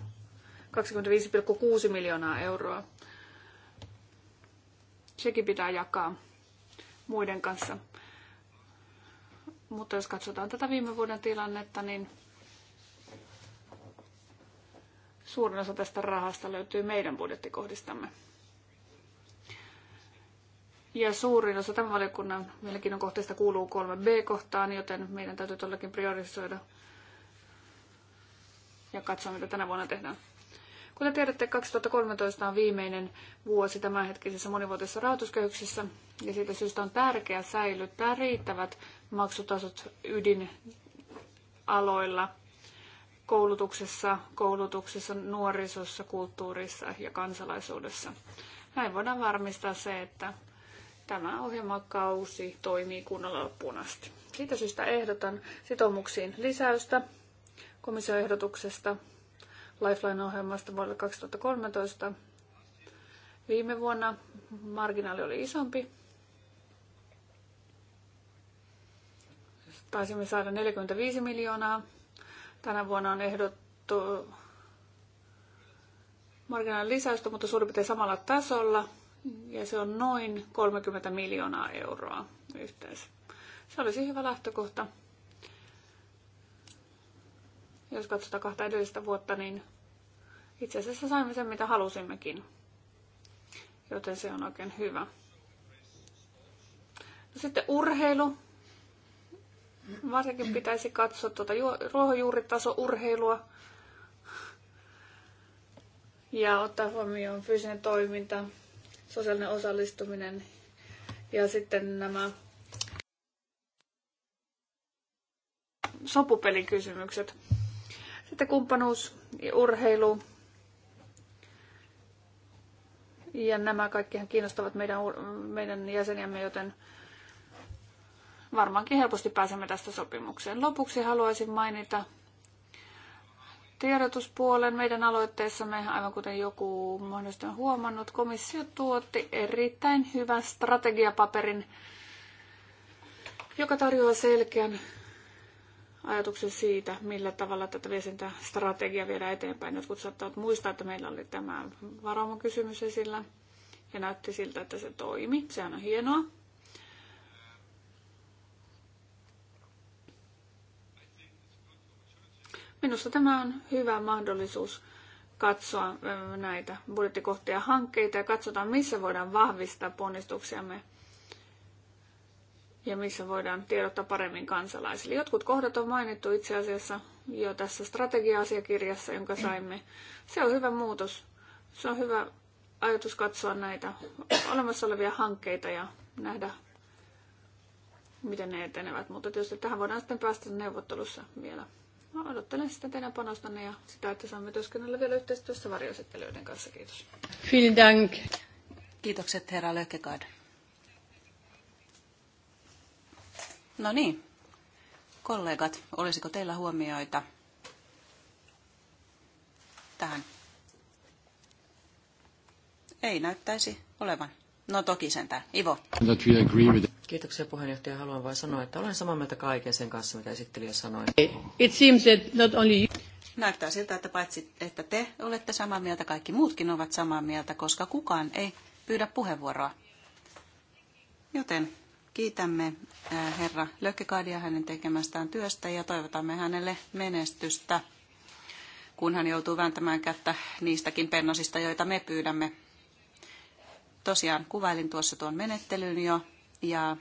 Speaker 2: 25,6 miljoonaa euroa. Sekin pitää jakaa muiden kanssa. Mutta jos katsotaan tätä viime vuoden tilannetta, niin suurin osa tästä rahasta löytyy meidän budjettikohdistamme. Ja suurin osa tämän valiokunnan mielenkiinnon kohteista kuuluu 3B-kohtaan, joten meidän täytyy todellakin priorisoida ja katsoa, mitä tänä vuonna tehdään. Kuten tiedätte, 2013 on viimeinen vuosi tämänhetkisessä monivuotisessa rahoituskehyksessä, ja siitä syystä on tärkeää säilyttää riittävät maksutasot ydinaloilla koulutuksessa, koulutuksessa, nuorisossa, kulttuurissa ja kansalaisuudessa. Näin voidaan varmistaa se, että tämä ohjelmakausi toimii kunnolla loppuun asti. Siitä syystä ehdotan sitoumuksiin lisäystä komission ehdotuksesta Lifeline-ohjelmasta vuodelle 2013. Viime vuonna marginaali oli isompi. Taisimme saada 45 miljoonaa. Tänä vuonna on ehdottu marginaalin lisäystä, mutta suurin piirtein samalla tasolla. Ja se on noin 30 miljoonaa euroa yhteensä. Se olisi hyvä lähtökohta. Jos katsotaan kahta edellistä vuotta, niin itse asiassa saimme sen, mitä halusimmekin. Joten se on oikein hyvä. No sitten urheilu. Varsinkin pitäisi katsoa tuota ruohonjuuritaso-urheilua ja ottaa huomioon fyysinen toiminta, sosiaalinen osallistuminen ja sitten nämä sopupelikysymykset. Sitten kumppanuus urheilu. Ja nämä kaikkihan kiinnostavat meidän, meidän jäseniämme, joten varmaankin helposti pääsemme tästä sopimukseen. Lopuksi haluaisin mainita tiedotuspuolen meidän aloitteessamme, aivan kuten joku mahdollisesti on huomannut, komissio tuotti erittäin hyvän strategiapaperin, joka tarjoaa selkeän ajatuksen siitä, millä tavalla tätä viestintästrategiaa viedään eteenpäin. Jotkut saattavat muistaa, että meillä oli tämä varaumokysymys esillä ja näytti siltä, että se toimi. Sehän on hienoa. Minusta tämä on hyvä mahdollisuus katsoa näitä budjettikohtia hankkeita ja katsotaan, missä voidaan vahvistaa ponnistuksiamme ja missä voidaan tiedottaa paremmin kansalaisille. Jotkut kohdat on mainittu itse asiassa jo tässä strategia-asiakirjassa, jonka saimme. Se on hyvä muutos. Se on hyvä ajatus katsoa näitä olemassa olevia hankkeita ja nähdä, miten ne etenevät. Mutta tietysti tähän voidaan sitten päästä neuvottelussa vielä. Mä no, odottelen sitä teidän panostanne ja sitä, että saamme työskennellä vielä yhteistyössä varjoesittelyiden kanssa. Kiitos.
Speaker 1: Vielen Dank. Kiitokset herra Lökegaard. No niin, kollegat, olisiko teillä huomioita tähän? Ei näyttäisi olevan. No toki sentään.
Speaker 3: Ivo. Kiitoksia puheenjohtaja. Haluan vain sanoa, että olen samaa mieltä kaiken sen kanssa, mitä esittelijä sanoi.
Speaker 1: It seems that not only you... Näyttää siltä, että paitsi että te olette samaa mieltä, kaikki muutkin ovat samaa mieltä, koska kukaan ei pyydä puheenvuoroa. Joten Kiitämme herra Lökkekaadia hänen tekemästään työstä ja toivotamme hänelle menestystä, kun hän joutuu vääntämään kättä niistäkin pennosista, joita me pyydämme. Tosiaan kuvailin tuossa tuon menettelyn jo ja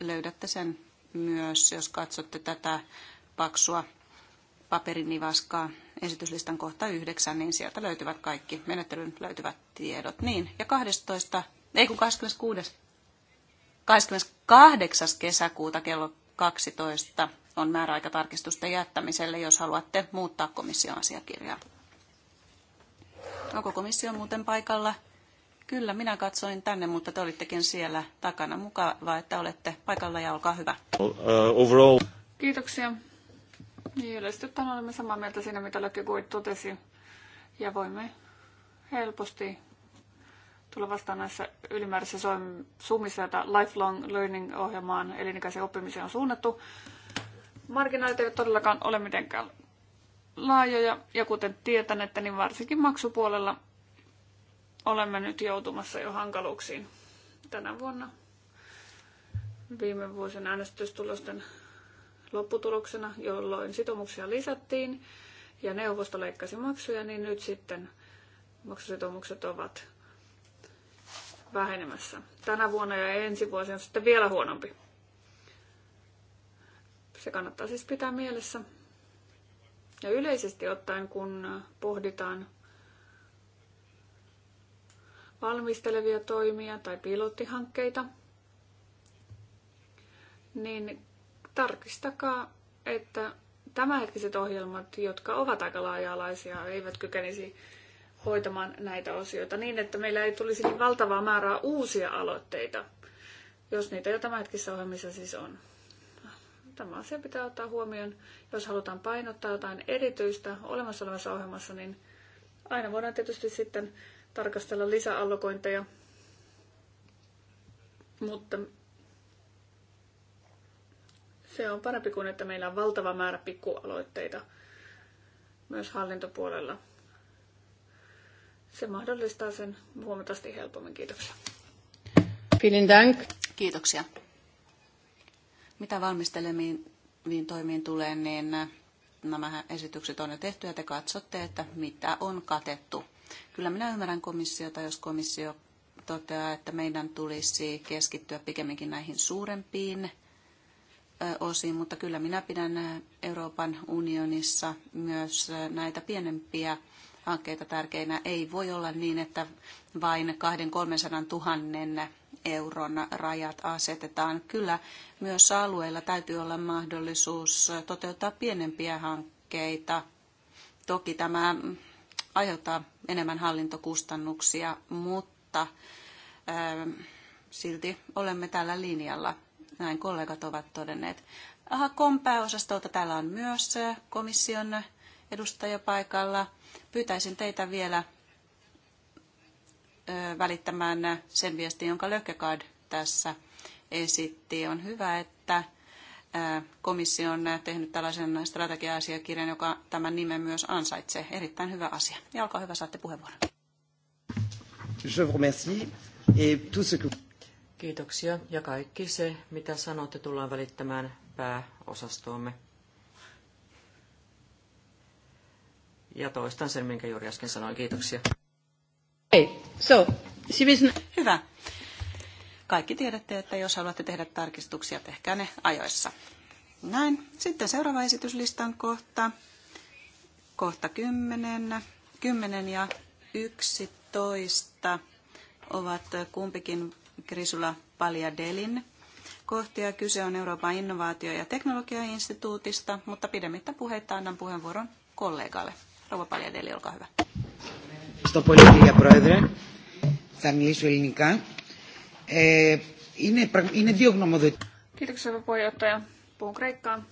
Speaker 1: löydätte sen myös, jos katsotte tätä paksua paperinivaskaa esityslistan kohta yhdeksän, niin sieltä löytyvät kaikki menettelyn löytyvät tiedot. Niin, ja 12, ei kun 26. 28. kesäkuuta kello 12 on määräaikatarkistusten jättämiselle, jos haluatte muuttaa komission asiakirjaa. Onko komissio muuten paikalla? Kyllä, minä katsoin tänne, mutta te olittekin siellä takana. Mukavaa, että olette paikalla ja olkaa hyvä.
Speaker 3: Uh, overall.
Speaker 2: Kiitoksia. Niin, yleisesti ottaen olemme samaa mieltä siinä, mitä Lökki totesi. Ja voimme helposti tulla vastaan näissä ylimääräisissä summissa, joita Lifelong Learning-ohjelmaan elinikäisen oppimiseen on suunnattu. Marginaalit eivät todellakaan ole mitenkään laajoja, ja kuten tietän, että niin varsinkin maksupuolella olemme nyt joutumassa jo hankaluuksiin tänä vuonna. Viime vuosien äänestystulosten lopputuloksena, jolloin sitoumuksia lisättiin ja neuvosto leikkasi maksuja, niin nyt sitten maksusitoumukset ovat vähenemässä. Tänä vuonna ja ensi vuosi on sitten vielä huonompi. Se kannattaa siis pitää mielessä. Ja yleisesti ottaen, kun pohditaan valmistelevia toimia tai pilottihankkeita, niin tarkistakaa, että tämänhetkiset ohjelmat, jotka ovat aika laaja-alaisia, eivät kykenisi hoitamaan näitä osioita niin, että meillä ei tulisi niin valtavaa määrää uusia aloitteita, jos niitä jo tämänhetkisissä ohjelmissa siis on. Tämä asia pitää ottaa huomioon. Jos halutaan painottaa jotain erityistä olemassa olevassa ohjelmassa, niin aina voidaan tietysti sitten tarkastella lisäallokointeja. Mutta se on parempi kuin, että meillä on valtava määrä pikkualoitteita myös hallintopuolella.
Speaker 1: Se mahdollistaa sen huomattavasti helpommin. Kiitoksia. Vielen dank. Kiitoksia. Mitä valmistelemiin toimiin tulee, niin nämä esitykset on jo tehty ja te katsotte, että mitä on katettu. Kyllä minä ymmärrän komissiota, jos komissio toteaa, että meidän tulisi keskittyä pikemminkin näihin suurempiin osiin, mutta kyllä minä pidän Euroopan unionissa myös näitä pienempiä hankkeita tärkeinä. Ei voi olla niin, että vain 200-300 000 euron rajat asetetaan. Kyllä myös alueilla täytyy olla mahdollisuus toteuttaa pienempiä hankkeita. Toki tämä aiheuttaa enemmän hallintokustannuksia, mutta ähm, silti olemme tällä linjalla, näin kollegat ovat todenneet. Aha, kompääosastolta täällä on myös äh, komission edustaja paikalla. Pyytäisin teitä vielä välittämään sen viestin, jonka Lökkekard tässä esitti. On hyvä, että komissio on tehnyt tällaisen strategia-asiakirjan, joka tämän nimen myös ansaitsee. Erittäin hyvä asia. Ja olkaa hyvä, saatte puheenvuoron.
Speaker 2: Je vous remercie. Et tout ce que...
Speaker 3: Kiitoksia. Ja kaikki se, mitä sanotte, tullaan välittämään pääosastoomme. Ja toistan sen, minkä juuri äsken sanoin. Kiitoksia. Hei,
Speaker 1: so, Hyvä. Kaikki tiedätte, että jos haluatte tehdä tarkistuksia, tehkää ne ajoissa. Näin. Sitten seuraava esityslistan kohta. Kohta 10, 10 ja 11 ovat kumpikin Krisula Paljadelin kohtia. Kyse on Euroopan innovaatio- ja teknologiainstituutista, mutta pidemmittä puheita annan puheenvuoron kollegalle. Rouva Paljadeli, olkaa hyvä. Ευχαριστώ πολύ κυρία Πρόεδρε. Θα μιλήσω ελληνικά. Ε, είναι, είναι δύο γνωμοδοτήσεις.
Speaker 2: Kiitoksia hyvä puheenjohtaja. Puhun Kreikkaa.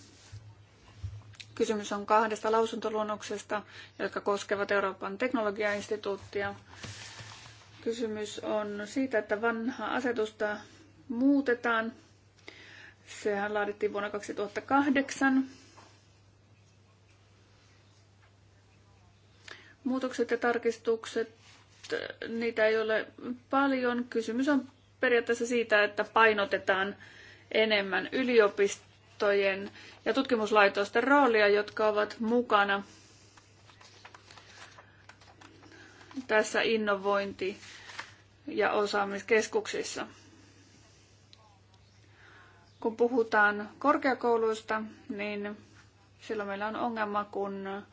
Speaker 2: Kysymys on kahdesta lausuntoluonnoksesta, jotka koskevat Euroopan teknologiainstituuttia. Kysymys on siitä, että vanhaa asetusta muutetaan. Sehän laadittiin vuonna 2008 Muutokset ja tarkistukset, niitä ei ole paljon. Kysymys on periaatteessa siitä, että painotetaan enemmän yliopistojen ja tutkimuslaitosten roolia, jotka ovat mukana tässä innovointi- ja osaamiskeskuksissa. Kun puhutaan korkeakouluista, niin silloin meillä on ongelma, kun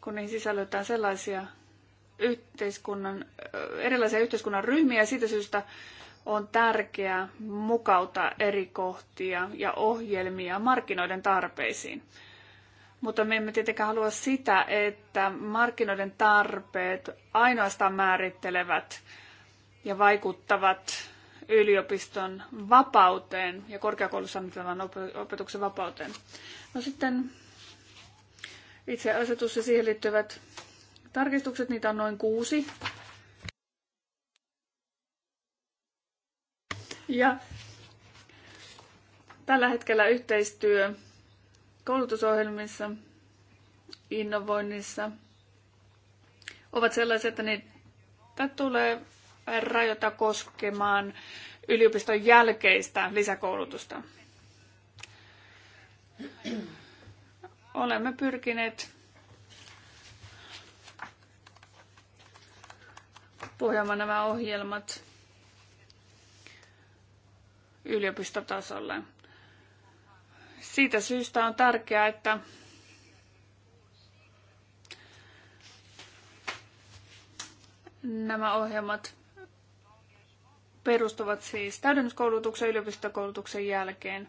Speaker 2: kun niihin sisällytetään sellaisia yhteiskunnan, erilaisia yhteiskunnan ryhmiä ja siitä syystä on tärkeää mukauttaa eri kohtia ja ohjelmia markkinoiden tarpeisiin. Mutta me emme tietenkään halua sitä, että markkinoiden tarpeet ainoastaan määrittelevät ja vaikuttavat yliopiston vapauteen ja korkeakoulussa annettavan opetuksen vapauteen. No sitten itse asetus ja siihen liittyvät tarkistukset, niitä on noin kuusi. Ja tällä hetkellä yhteistyö koulutusohjelmissa, innovoinnissa ovat sellaisia, että niitä tulee rajoita koskemaan yliopiston jälkeistä lisäkoulutusta. olemme pyrkineet pohjaamaan nämä ohjelmat yliopistotasolle. Siitä syystä on tärkeää, että nämä ohjelmat perustuvat siis täydennyskoulutuksen yliopistokoulutuksen jälkeen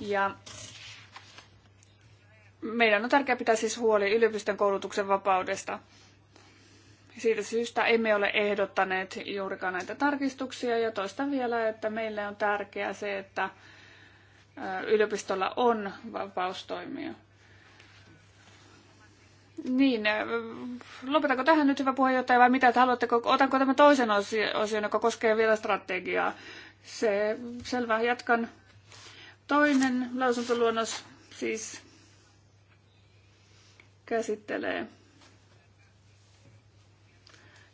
Speaker 2: Ja meidän on tärkeää pitää siis huoli yliopiston koulutuksen vapaudesta. Siitä syystä emme ole ehdottaneet juurikaan näitä tarkistuksia ja toistan vielä, että meille on tärkeää se, että yliopistolla on vapaus toimia. Niin, lopetako tähän nyt hyvä puheenjohtaja vai mitä, että haluatteko, otanko tämän toisen osion, joka koskee vielä strategiaa? Se, selvä, jatkan Toinen lausuntoluonnos siis käsittelee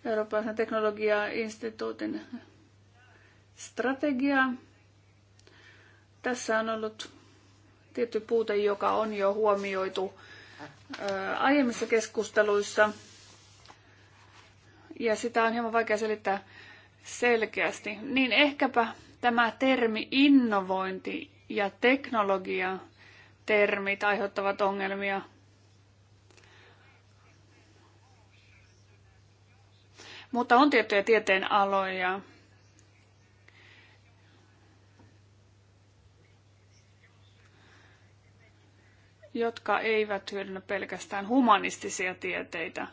Speaker 2: Euroopan teknologiainstituutin strategiaa. Tässä on ollut tietty puute, joka on jo huomioitu aiemmissa keskusteluissa. Ja sitä on hieman vaikea selittää selkeästi. Niin ehkäpä tämä termi innovointi ja teknologia termit aiheuttavat ongelmia. Mutta on tiettyjä tieteenaloja, jotka eivät hyödynnä pelkästään humanistisia tieteitä.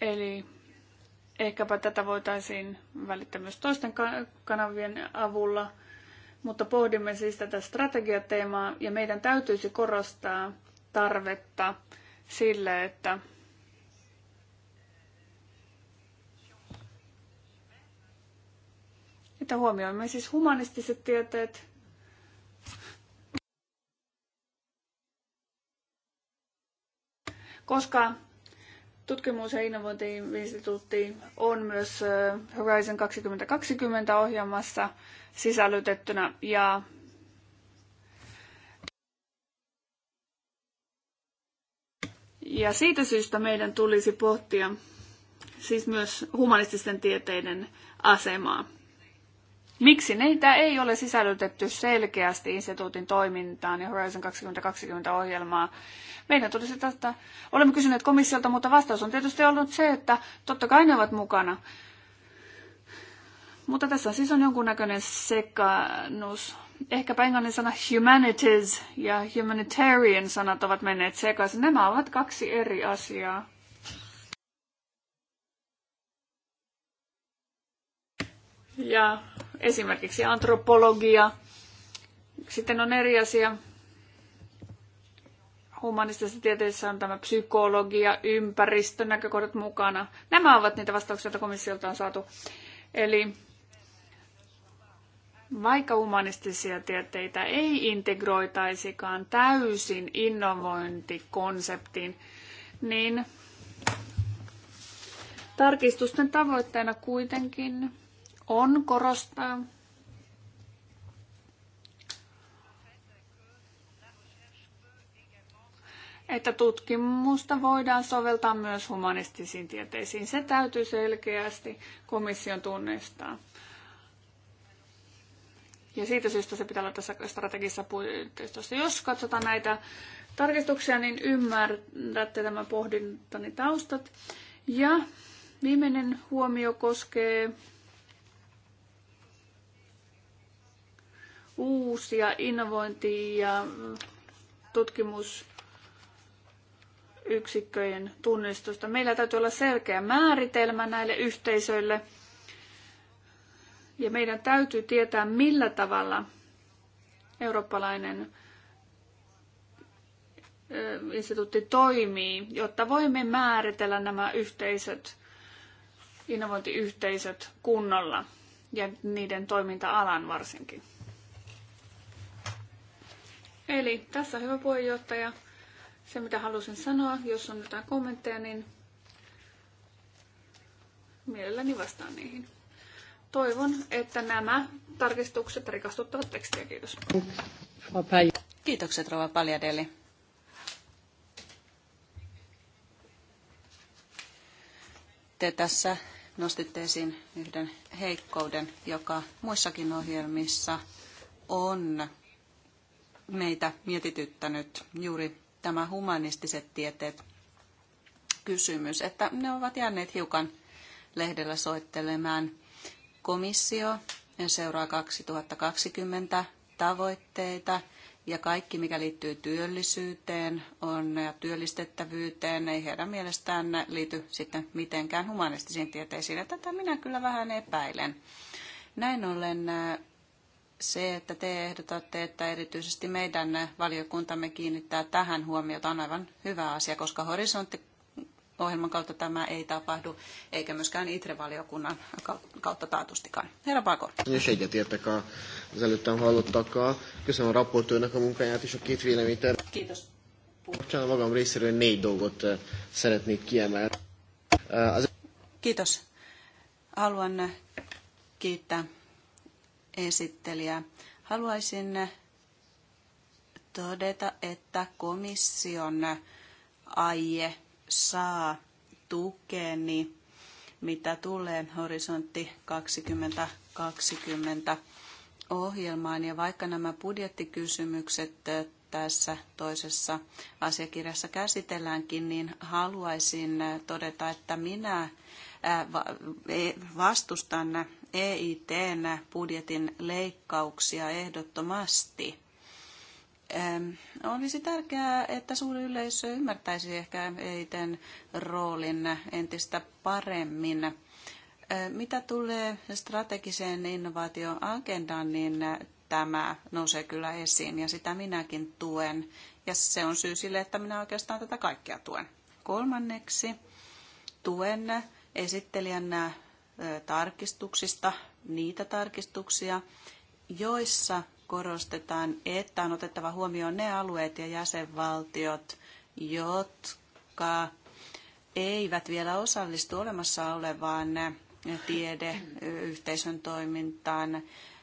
Speaker 2: Eli Ehkäpä tätä voitaisiin välittää myös toisten kanavien avulla, mutta pohdimme siis tätä strategiateemaa ja meidän täytyisi korostaa tarvetta sille, että että huomioimme siis humanistiset tieteet, koska tutkimus- ja innovointiinstituutti on myös Horizon 2020 ohjelmassa sisällytettynä ja Ja siitä syystä meidän tulisi pohtia siis myös humanististen tieteiden asemaa. Miksi niitä ei ole sisällytetty selkeästi instituutin toimintaan ja Horizon 2020-ohjelmaa? Meidän tulisi tästä, olemme kysyneet komissiolta, mutta vastaus on tietysti ollut se, että totta kai ne ovat mukana. Mutta tässä siis on jonkunnäköinen sekannus. Ehkäpä englannin sana humanities ja humanitarian sanat ovat menneet sekaisin. Nämä ovat kaksi eri asiaa. ja esimerkiksi antropologia. Sitten on eri asia. Humanistisessa tieteessä on tämä psykologia, ympäristönäkökohdat mukana. Nämä ovat niitä vastauksia, joita komissiolta on saatu. Eli vaikka humanistisia tieteitä ei integroitaisikaan täysin innovointikonseptiin, niin tarkistusten tavoitteena kuitenkin on korostaa, että tutkimusta voidaan soveltaa myös humanistisiin tieteisiin. Se täytyy selkeästi komission tunnistaa. Ja siitä syystä se pitää olla tässä strategisessa puitteistossa. Jos katsotaan näitä tarkistuksia, niin ymmärrätte tämän pohdintani taustat. Ja viimeinen huomio koskee uusia innovointi- ja tutkimusyksikköjen tunnistusta. Meillä täytyy olla selkeä määritelmä näille yhteisöille ja meidän täytyy tietää, millä tavalla eurooppalainen instituutti toimii, jotta voimme määritellä nämä yhteisöt, innovointiyhteisöt kunnolla ja niiden toiminta-alan varsinkin. Eli tässä hyvä puheenjohtaja. Se mitä halusin sanoa, jos on jotain kommentteja, niin mielelläni vastaan niihin. Toivon, että nämä tarkistukset rikastuttavat tekstiä. Kiitos.
Speaker 1: Kiitokset Rova Paljadeli. Te tässä nostitte esiin yhden heikkouden, joka muissakin ohjelmissa on meitä mietityttänyt juuri tämä humanistiset tieteet kysymys, että ne ovat jääneet hiukan lehdellä soittelemaan. Komissio seuraa 2020 tavoitteita ja kaikki, mikä liittyy työllisyyteen on, ja työllistettävyyteen, ei heidän mielestään liity sitten mitenkään humanistisiin tieteisiin. Ja tätä minä kyllä vähän epäilen. Näin ollen se, että te ehdotatte, että erityisesti meidän valiokuntamme kiinnittää tähän huomiota, on aivan hyvä asia, koska horisontti ohjelman kautta tämä ei tapahdu, eikä myöskään ITRE-valiokunnan kautta taatustikaan. Herra Pakor.
Speaker 3: És egyetértek az előttem hallottakkal. Kysyn on raportőrnek a munkáját és a két véleménytervet. Kiitos. Kapcsán a magam részéről négy dolgot eh, szeretnék kiemelni. Eh,
Speaker 1: Kiitos. Haluan kiittää esittelijä. Haluaisin todeta, että komission aie saa tukeni, mitä tulee horisontti 2020 ohjelmaan. Ja vaikka nämä budjettikysymykset tässä toisessa asiakirjassa käsitelläänkin, niin haluaisin todeta, että minä vastustan eit budjetin leikkauksia ehdottomasti. Olisi tärkeää, että suuri yleisö ymmärtäisi ehkä EITn roolin entistä paremmin. Mitä tulee strategiseen innovaatioagendaan, niin tämä nousee kyllä esiin ja sitä minäkin tuen. Ja se on syy sille, että minä oikeastaan tätä kaikkea tuen. Kolmanneksi tuen esittelijän tarkistuksista, niitä tarkistuksia, joissa korostetaan, että on otettava huomioon ne alueet ja jäsenvaltiot, jotka eivät vielä osallistu olemassa olevaan tiedeyhteisön toimintaan.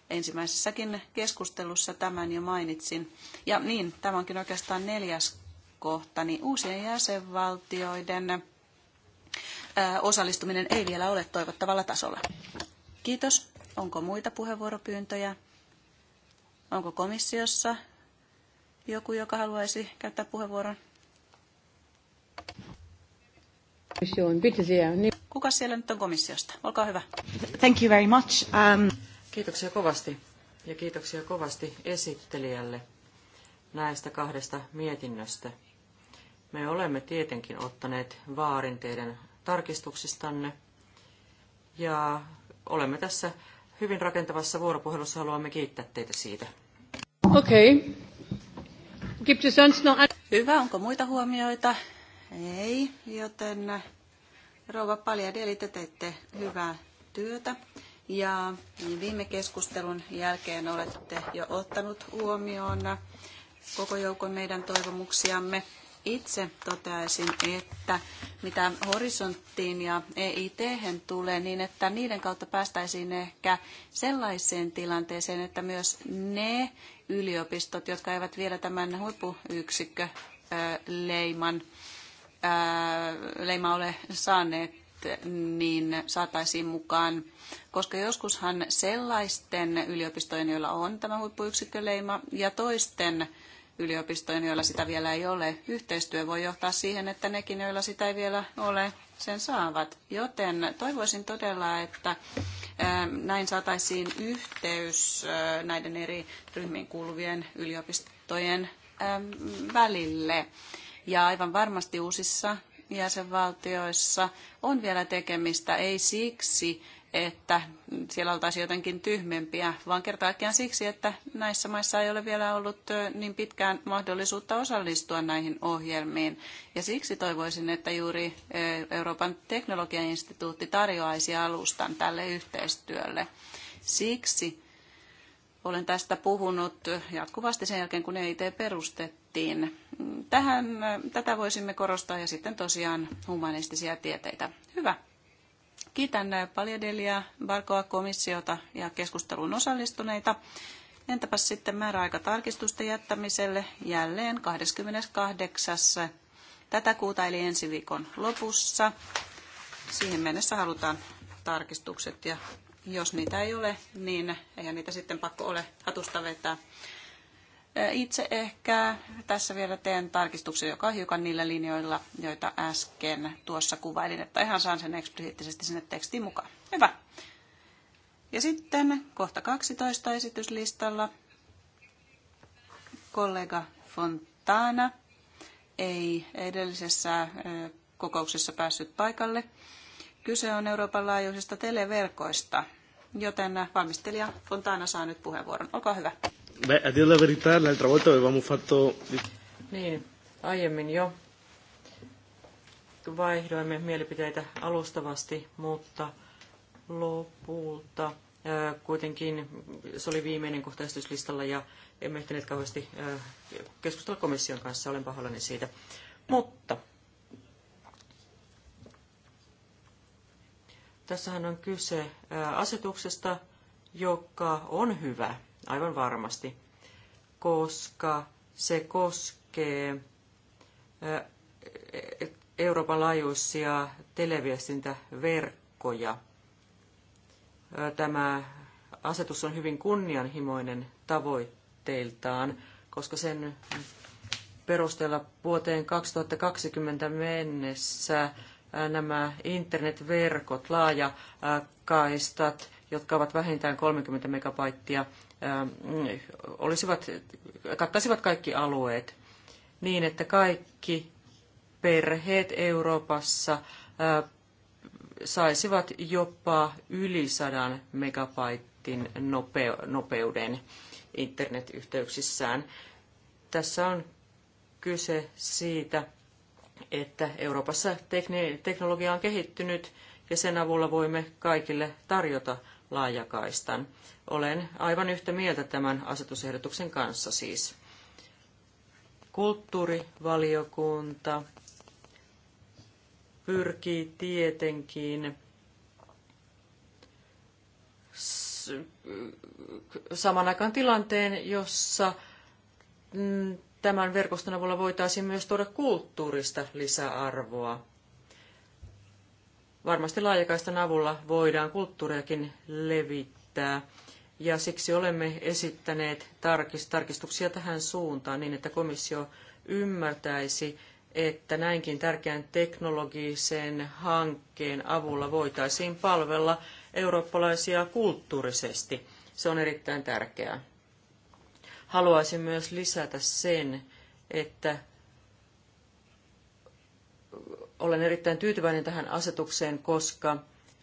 Speaker 1: Ensimmäisessäkin keskustelussa tämän jo mainitsin. Ja niin, tämä onkin oikeastaan neljäs kohta, niin uusien jäsenvaltioiden osallistuminen ei vielä ole toivottavalla tasolla. Kiitos. Onko muita puheenvuoropyyntöjä? Onko komissiossa joku, joka haluaisi käyttää puheenvuoron? Kuka siellä nyt on komissiosta? Olkaa hyvä. Thank you very much. Um... Kiitoksia kovasti ja kiitoksia kovasti
Speaker 3: esittelijälle näistä kahdesta mietinnöstä. Me olemme tietenkin ottaneet vaarin teidän tarkistuksistanne. Ja olemme tässä hyvin rakentavassa vuoropuhelussa. Haluamme kiittää teitä siitä.
Speaker 1: Okei. Okay. Hyvä, onko muita huomioita? Ei, joten eh, rouva Paljadeli, te teitte hyvää työtä. Ja viime keskustelun jälkeen olette jo ottanut huomioon koko joukon meidän toivomuksiamme itse toteaisin, että mitä horisonttiin ja EIT tulee, niin että niiden kautta päästäisiin ehkä sellaiseen tilanteeseen, että myös ne yliopistot, jotka eivät vielä tämän huippuyksikkö-leiman leima ole saaneet, niin saataisiin mukaan, koska joskushan sellaisten yliopistojen, joilla on tämä huippuyksikköleima ja toisten yliopistojen, joilla sitä vielä ei ole. Yhteistyö voi johtaa siihen, että nekin, joilla sitä ei vielä ole, sen saavat. Joten toivoisin todella, että näin saataisiin yhteys näiden eri ryhmiin kuuluvien yliopistojen välille. Ja aivan varmasti uusissa jäsenvaltioissa on vielä tekemistä, ei siksi, että siellä oltaisiin jotenkin tyhmempiä, vaan kertaakin siksi, että näissä maissa ei ole vielä ollut niin pitkään mahdollisuutta osallistua näihin ohjelmiin. Ja siksi toivoisin, että juuri Euroopan teknologiainstituutti tarjoaisi alustan tälle yhteistyölle. Siksi olen tästä puhunut jatkuvasti sen jälkeen, kun EIT perustettiin. Tähän, tätä voisimme korostaa ja sitten tosiaan humanistisia tieteitä. Hyvä. Kiitän Paljadelia, Barkoa komissiota ja keskusteluun osallistuneita. Entäpä sitten määräaika tarkistusten jättämiselle jälleen 28. tätä kuuta eli ensi viikon lopussa. Siihen mennessä halutaan tarkistukset ja jos niitä ei ole, niin eihän niitä sitten pakko ole hatusta vetää. Eh, itse ehkä tässä vielä teen tarkistuksen, joka on hiukan niillä linjoilla, joita äsken tuossa kuvailin, että ihan saan sen eksplisiittisesti sinne tekstiin mukaan. Hyvä. Ja sitten kohta 12 esityslistalla kollega Fontana ei edellisessä eh, kokouksessa päässyt paikalle. Kyse on Euroopan laajuisista televerkoista, joten valmistelija Fontana saa nyt puheenvuoron. Olkaa hyvä.
Speaker 2: Beh, a
Speaker 3: dire la verità, l'altra volta avevamo fatto...
Speaker 1: Niin, aiemmin jo
Speaker 3: vaihdoimme mielipiteitä alustavasti, mutta lopulta kuitenkin se oli viimeinen kohtaistuslistalla ja emme ehtineet kauheasti keskustella komission kanssa, olen pahoillani siitä. Mutta tässähän on kyse asetuksesta, joka on hyvä aivan varmasti, koska se koskee e, Euroopan laajuisia televiestintäverkkoja. Tämä asetus on hyvin kunnianhimoinen tavoitteiltaan, koska sen perusteella vuoteen 2020 mennessä nämä internetverkot, laajakaistat, jotka ovat vähintään 30 megabaittia Ähm, olisivat, kattaisivat kaikki alueet niin, että kaikki perheet Euroopassa äh, saisivat jopa yli 100 megabaitin nopeuden internetyhteyksissään. Tässä on kyse siitä, että Euroopassa teknologia on kehittynyt ja sen avulla voimme kaikille tarjota laajakaistan. Olen aivan yhtä mieltä tämän asetusehdotuksen kanssa siis. Kulttuurivaliokunta pyrkii tietenkin saman aikaan tilanteen, jossa mm, tämän verkoston avulla voitaisiin myös tuoda kulttuurista lisäarvoa. Varmasti laajakaistan avulla voidaan kulttuuriakin levittää ja siksi olemme esittäneet tarkistuksia tähän suuntaan niin, että komissio ymmärtäisi, että näinkin tärkeän teknologisen hankkeen avulla voitaisiin palvella eurooppalaisia kulttuurisesti. Se on erittäin tärkeää. Haluaisin myös lisätä sen, että olen erittäin tyytyväinen tähän asetukseen, koska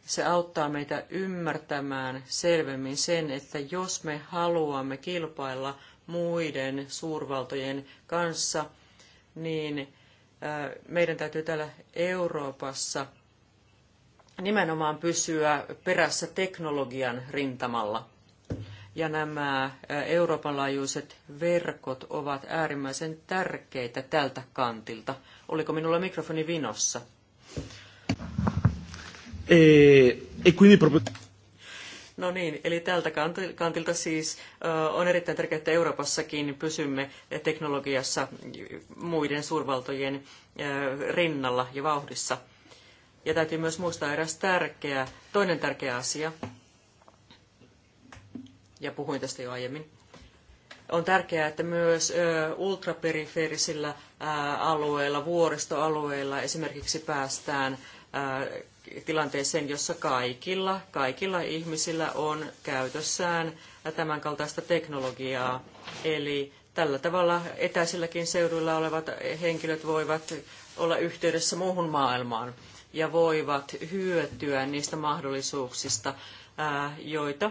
Speaker 3: se auttaa meitä ymmärtämään selvemmin sen, että jos me haluamme kilpailla muiden suurvaltojen kanssa, niin meidän täytyy täällä Euroopassa nimenomaan pysyä perässä teknologian rintamalla. Ja nämä Euroopan laajuiset verkot ovat äärimmäisen tärkeitä tältä kantilta. Oliko minulla mikrofoni vinossa? Eh, e quindi proprio... No niin, eli tältä kantilta siis on erittäin tärkeää, että Euroopassakin pysymme teknologiassa muiden suurvaltojen rinnalla ja vauhdissa. Ja täytyy myös muistaa eräs tärkeä, toinen tärkeä asia, ja puhuin tästä jo aiemmin. On tärkeää, että myös ultraperifeerisillä alueilla, vuoristoalueilla esimerkiksi päästään tilanteeseen, jossa kaikilla, kaikilla ihmisillä on käytössään tämän kaltaista teknologiaa. Eli tällä tavalla etäisilläkin seuduilla olevat henkilöt voivat olla yhteydessä muuhun maailmaan ja voivat hyötyä niistä mahdollisuuksista, joita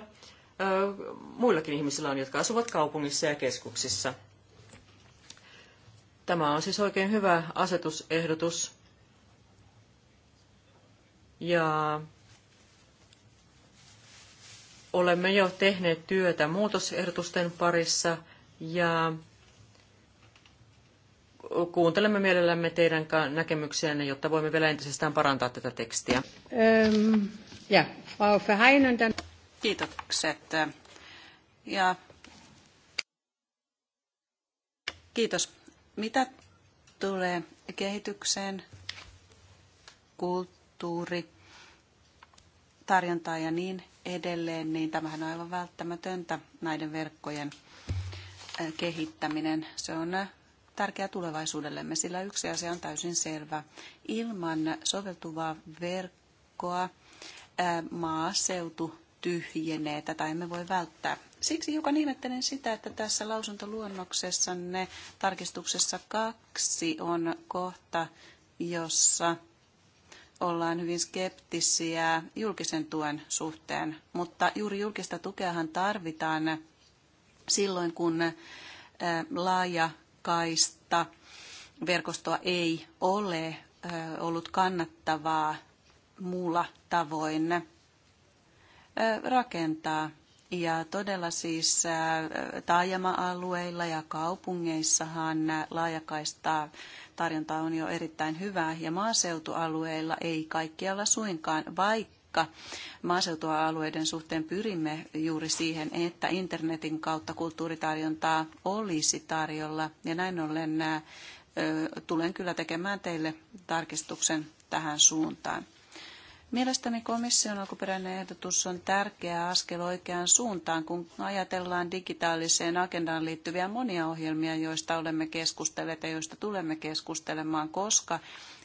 Speaker 3: muillakin ihmisillä on, jotka asuvat kaupungissa ja keskuksissa. Tämä on siis oikein hyvä asetusehdotus ja olemme jo tehneet työtä muutosehdotusten parissa ja kuuntelemme mielellämme teidän näkemyksiänne, jotta voimme vielä entisestään parantaa tätä tekstiä.
Speaker 1: Ähm, ja, Kiitokset. Ja kiitos. Mitä tulee kehitykseen, kulttuuriin? kulttuuri, tarjontaa ja niin edelleen, niin tämähän on aivan välttämätöntä näiden verkkojen kehittäminen. Se on tärkeä tulevaisuudellemme, sillä yksi asia on täysin selvä. Ilman soveltuvaa verkkoa maaseutu tyhjenee. Tätä emme voi välttää. Siksi hiukan ihmettelen sitä, että tässä lausuntoluonnoksessanne tarkistuksessa kaksi on kohta, jossa ollaan hyvin skeptisiä julkisen tuen suhteen, mutta juuri julkista tukeahan tarvitaan silloin, kun laaja kaista verkostoa ei ole ollut kannattavaa muulla tavoin rakentaa. Ja todella siis taajama-alueilla ja kaupungeissahan laajakaistaa tarjonta on jo erittäin hyvää ja maaseutualueilla ei kaikkialla suinkaan, vaikka maaseutualueiden suhteen pyrimme juuri siihen, että internetin kautta kulttuuritarjontaa olisi tarjolla. Ja näin ollen tulen kyllä tekemään teille tarkistuksen tähän suuntaan. Mielestäni komission alkuperäinen ehdotus on tärkeä askel oikeaan suuntaan, kun ajatellaan digitaaliseen agendaan liittyviä monia ohjelmia, joista olemme keskustelleet ja joista tulemme keskustelemaan, koska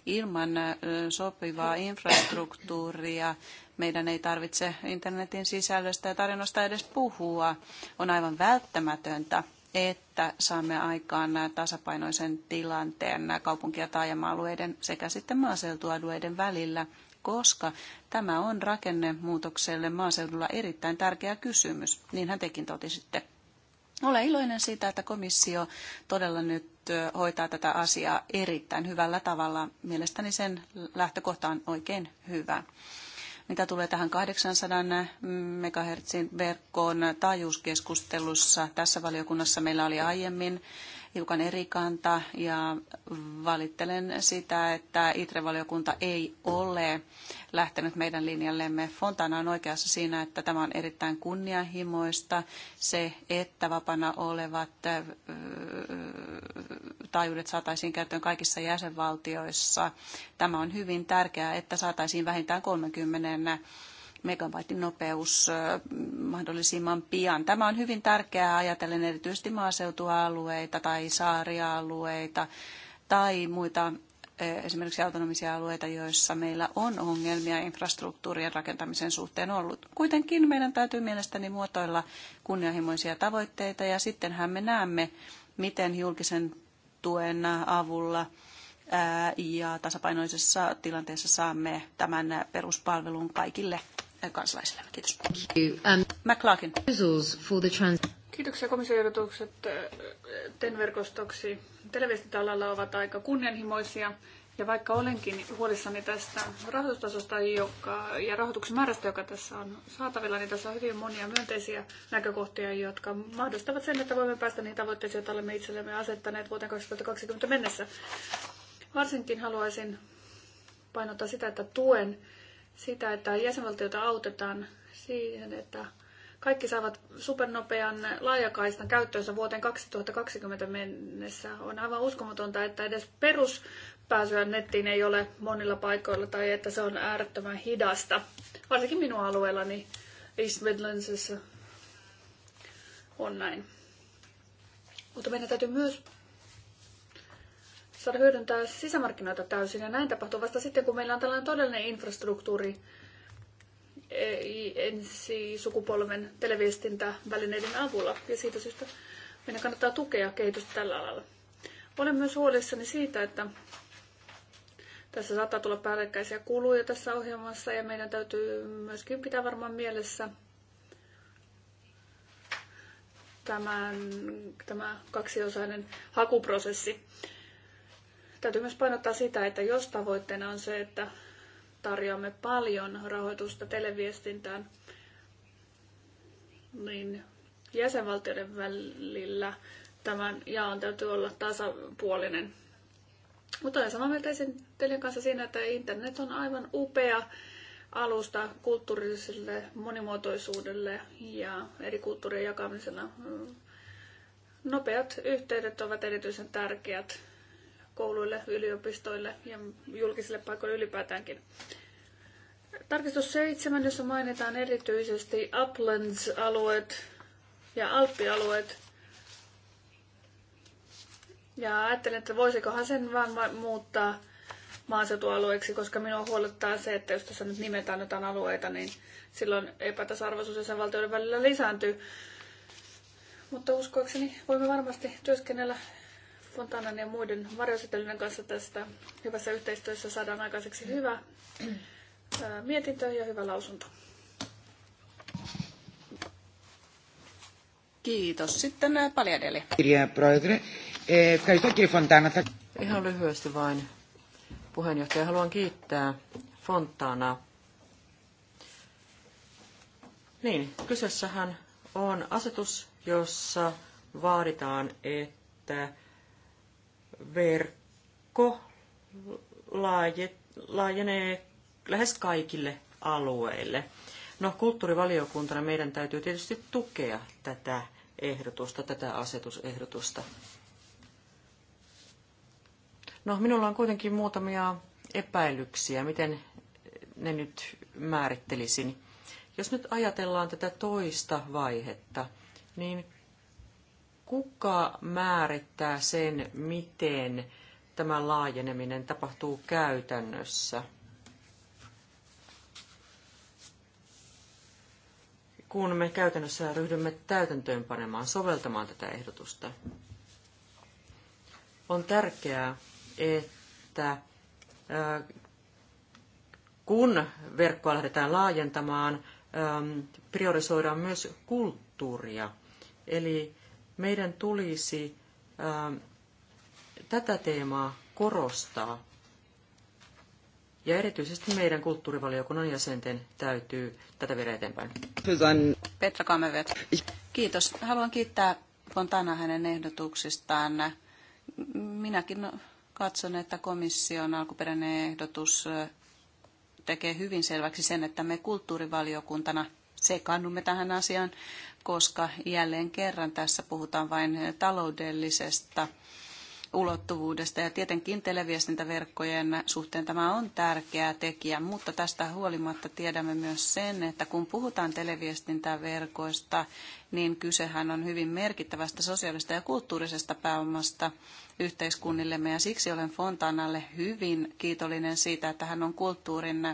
Speaker 1: ilman sopivaa infrastruktuuria meidän ei tarvitse internetin sisällöstä ja tarinoista edes puhua. On aivan välttämätöntä, että saamme aikaan tasapainoisen tilanteen kaupunki- ja taajama-alueiden sekä sitten maaseutualueiden välillä – koska tämä on rakennemuutokselle maaseudulla erittäin tärkeä kysymys, niin hän tekin totisitte. Olen iloinen siitä, että komissio todella nyt hoitaa tätä asiaa erittäin hyvällä tavalla. Mielestäni sen lähtökohta on oikein hyvä. Mitä tulee tähän 800 MHz verkkoon taajuuskeskustelussa, tässä valiokunnassa meillä oli aiemmin hiukan eri kanta ja valittelen sitä, että ITRE-valiokunta ei ole lähtenyt meidän linjallemme. Fontana on oikeassa siinä, että tämä on erittäin kunnianhimoista. Se, että vapana olevat taajuudet saataisiin käyttöön kaikissa jäsenvaltioissa, tämä on hyvin tärkeää, että saataisiin vähintään 30 megabaitin nopeus mahdollisimman pian. Tämä on hyvin tärkeää ajatellen erityisesti maaseutualueita tai saarialueita tai muita esimerkiksi autonomisia alueita, joissa meillä on ongelmia infrastruktuurien rakentamisen suhteen ollut. Kuitenkin meidän täytyy mielestäni muotoilla kunnianhimoisia tavoitteita ja sittenhän me näemme, miten julkisen tuen avulla ja tasapainoisessa tilanteessa saamme tämän peruspalvelun kaikille kansalaisille. Kiitos. McLaughlin. Um, Kiitoksia komissioehdotukset eh,
Speaker 2: TEN-verkostoksi. Televiestintäalalla ovat aika kunnianhimoisia. Ja vaikka olenkin huolissani tästä rahoitustasosta joka, ja rahoituksen määrästä, joka tässä on saatavilla, niin tässä on hyvin monia myönteisiä näkökohtia, jotka mahdollistavat sen, että voimme päästä niihin tavoitteisiin, joita olemme itsellemme asettaneet vuoteen 2020 mennessä. Varsinkin haluaisin painottaa sitä, että tuen sitä, että jäsenvaltiota autetaan siihen, että kaikki saavat supernopean laajakaistan käyttöönsä vuoteen 2020 mennessä. On aivan uskomatonta, että edes peruspääsyä nettiin ei ole monilla paikoilla tai että se on äärettömän hidasta. Varsinkin minun alueellani East Midlandsissa on näin. Mutta meidän täytyy myös saada hyödyntää sisämarkkinoita täysin. Ja näin tapahtuu vasta sitten, kun meillä on tällainen todellinen infrastruktuuri e, ensi sukupolven televiestintävälineiden avulla. Ja siitä syystä meidän kannattaa tukea kehitystä tällä alalla. Olen myös huolissani siitä, että tässä saattaa tulla päällekkäisiä kuluja tässä ohjelmassa ja meidän täytyy myöskin pitää varmaan mielessä tämän, tämä kaksiosainen hakuprosessi. Täytyy myös painottaa sitä, että jos tavoitteena on se, että tarjoamme paljon rahoitusta televiestintään, niin jäsenvaltioiden välillä tämän jaon täytyy olla tasapuolinen. Mutta olen samaa mieltä esittelijän kanssa siinä, että internet on aivan upea alusta kulttuuriselle monimuotoisuudelle ja eri kulttuurien jakamisena. Nopeat yhteydet ovat erityisen tärkeät kouluille, yliopistoille ja julkisille paikoille ylipäätäänkin. Tarkistus 7, jossa mainitaan erityisesti uplands-alueet ja alppialueet. Ja ajattelin, että voisikohan sen vaan muuttaa maaseutualueeksi, koska minua huolettaa se, että jos tässä nyt nimetään jotain alueita, niin silloin epätasa-arvoisuus jäsenvaltioiden välillä lisääntyy. Mutta uskoakseni voimme varmasti työskennellä Fontanan ja muiden varjosetelyiden kanssa tästä hyvässä yhteistyössä saadaan aikaiseksi hyvä mietintö ja hyvä lausunto.
Speaker 1: Kiitos. Sitten Paljadeli.
Speaker 3: Kirja eh, Ihan lyhyesti vain. Puheenjohtaja, haluan kiittää Fontanaa. Niin, kyseessähän on asetus, jossa vaaditaan, että verkko laajenee lähes kaikille alueille. No, kulttuurivaliokuntana meidän täytyy tietysti tukea tätä ehdotusta, tätä asetusehdotusta. No, minulla on kuitenkin muutamia epäilyksiä, miten ne nyt määrittelisin. Jos nyt ajatellaan tätä toista vaihetta, niin kuka määrittää sen, miten tämä laajeneminen tapahtuu käytännössä? kun me käytännössä ryhdymme täytäntöönpanemaan, soveltamaan tätä ehdotusta. On tärkeää, että kun verkkoa lähdetään laajentamaan, priorisoidaan myös kulttuuria. Eli meidän tulisi ää, tätä teemaa korostaa. Ja erityisesti meidän kulttuurivaliokunnan jäsenten täytyy tätä viedä eteenpäin.
Speaker 1: Petra Kamevet. Kiitos. Haluan kiittää Fontana hänen ehdotuksistaan. Minäkin katson, että komission alkuperäinen ehdotus tekee hyvin selväksi sen, että me kulttuurivaliokuntana sekaannumme tähän asiaan, koska jälleen kerran tässä puhutaan vain taloudellisesta ulottuvuudesta. Ja tietenkin televiestintäverkkojen suhteen tämä on tärkeä tekijä, mutta tästä huolimatta tiedämme myös sen, että kun puhutaan televiestintäverkoista, niin kysehän on hyvin merkittävästä sosiaalista ja kulttuurisesta pääomasta yhteiskunnillemme. Ja siksi olen Fontanalle hyvin kiitollinen siitä, että hän on kulttuurin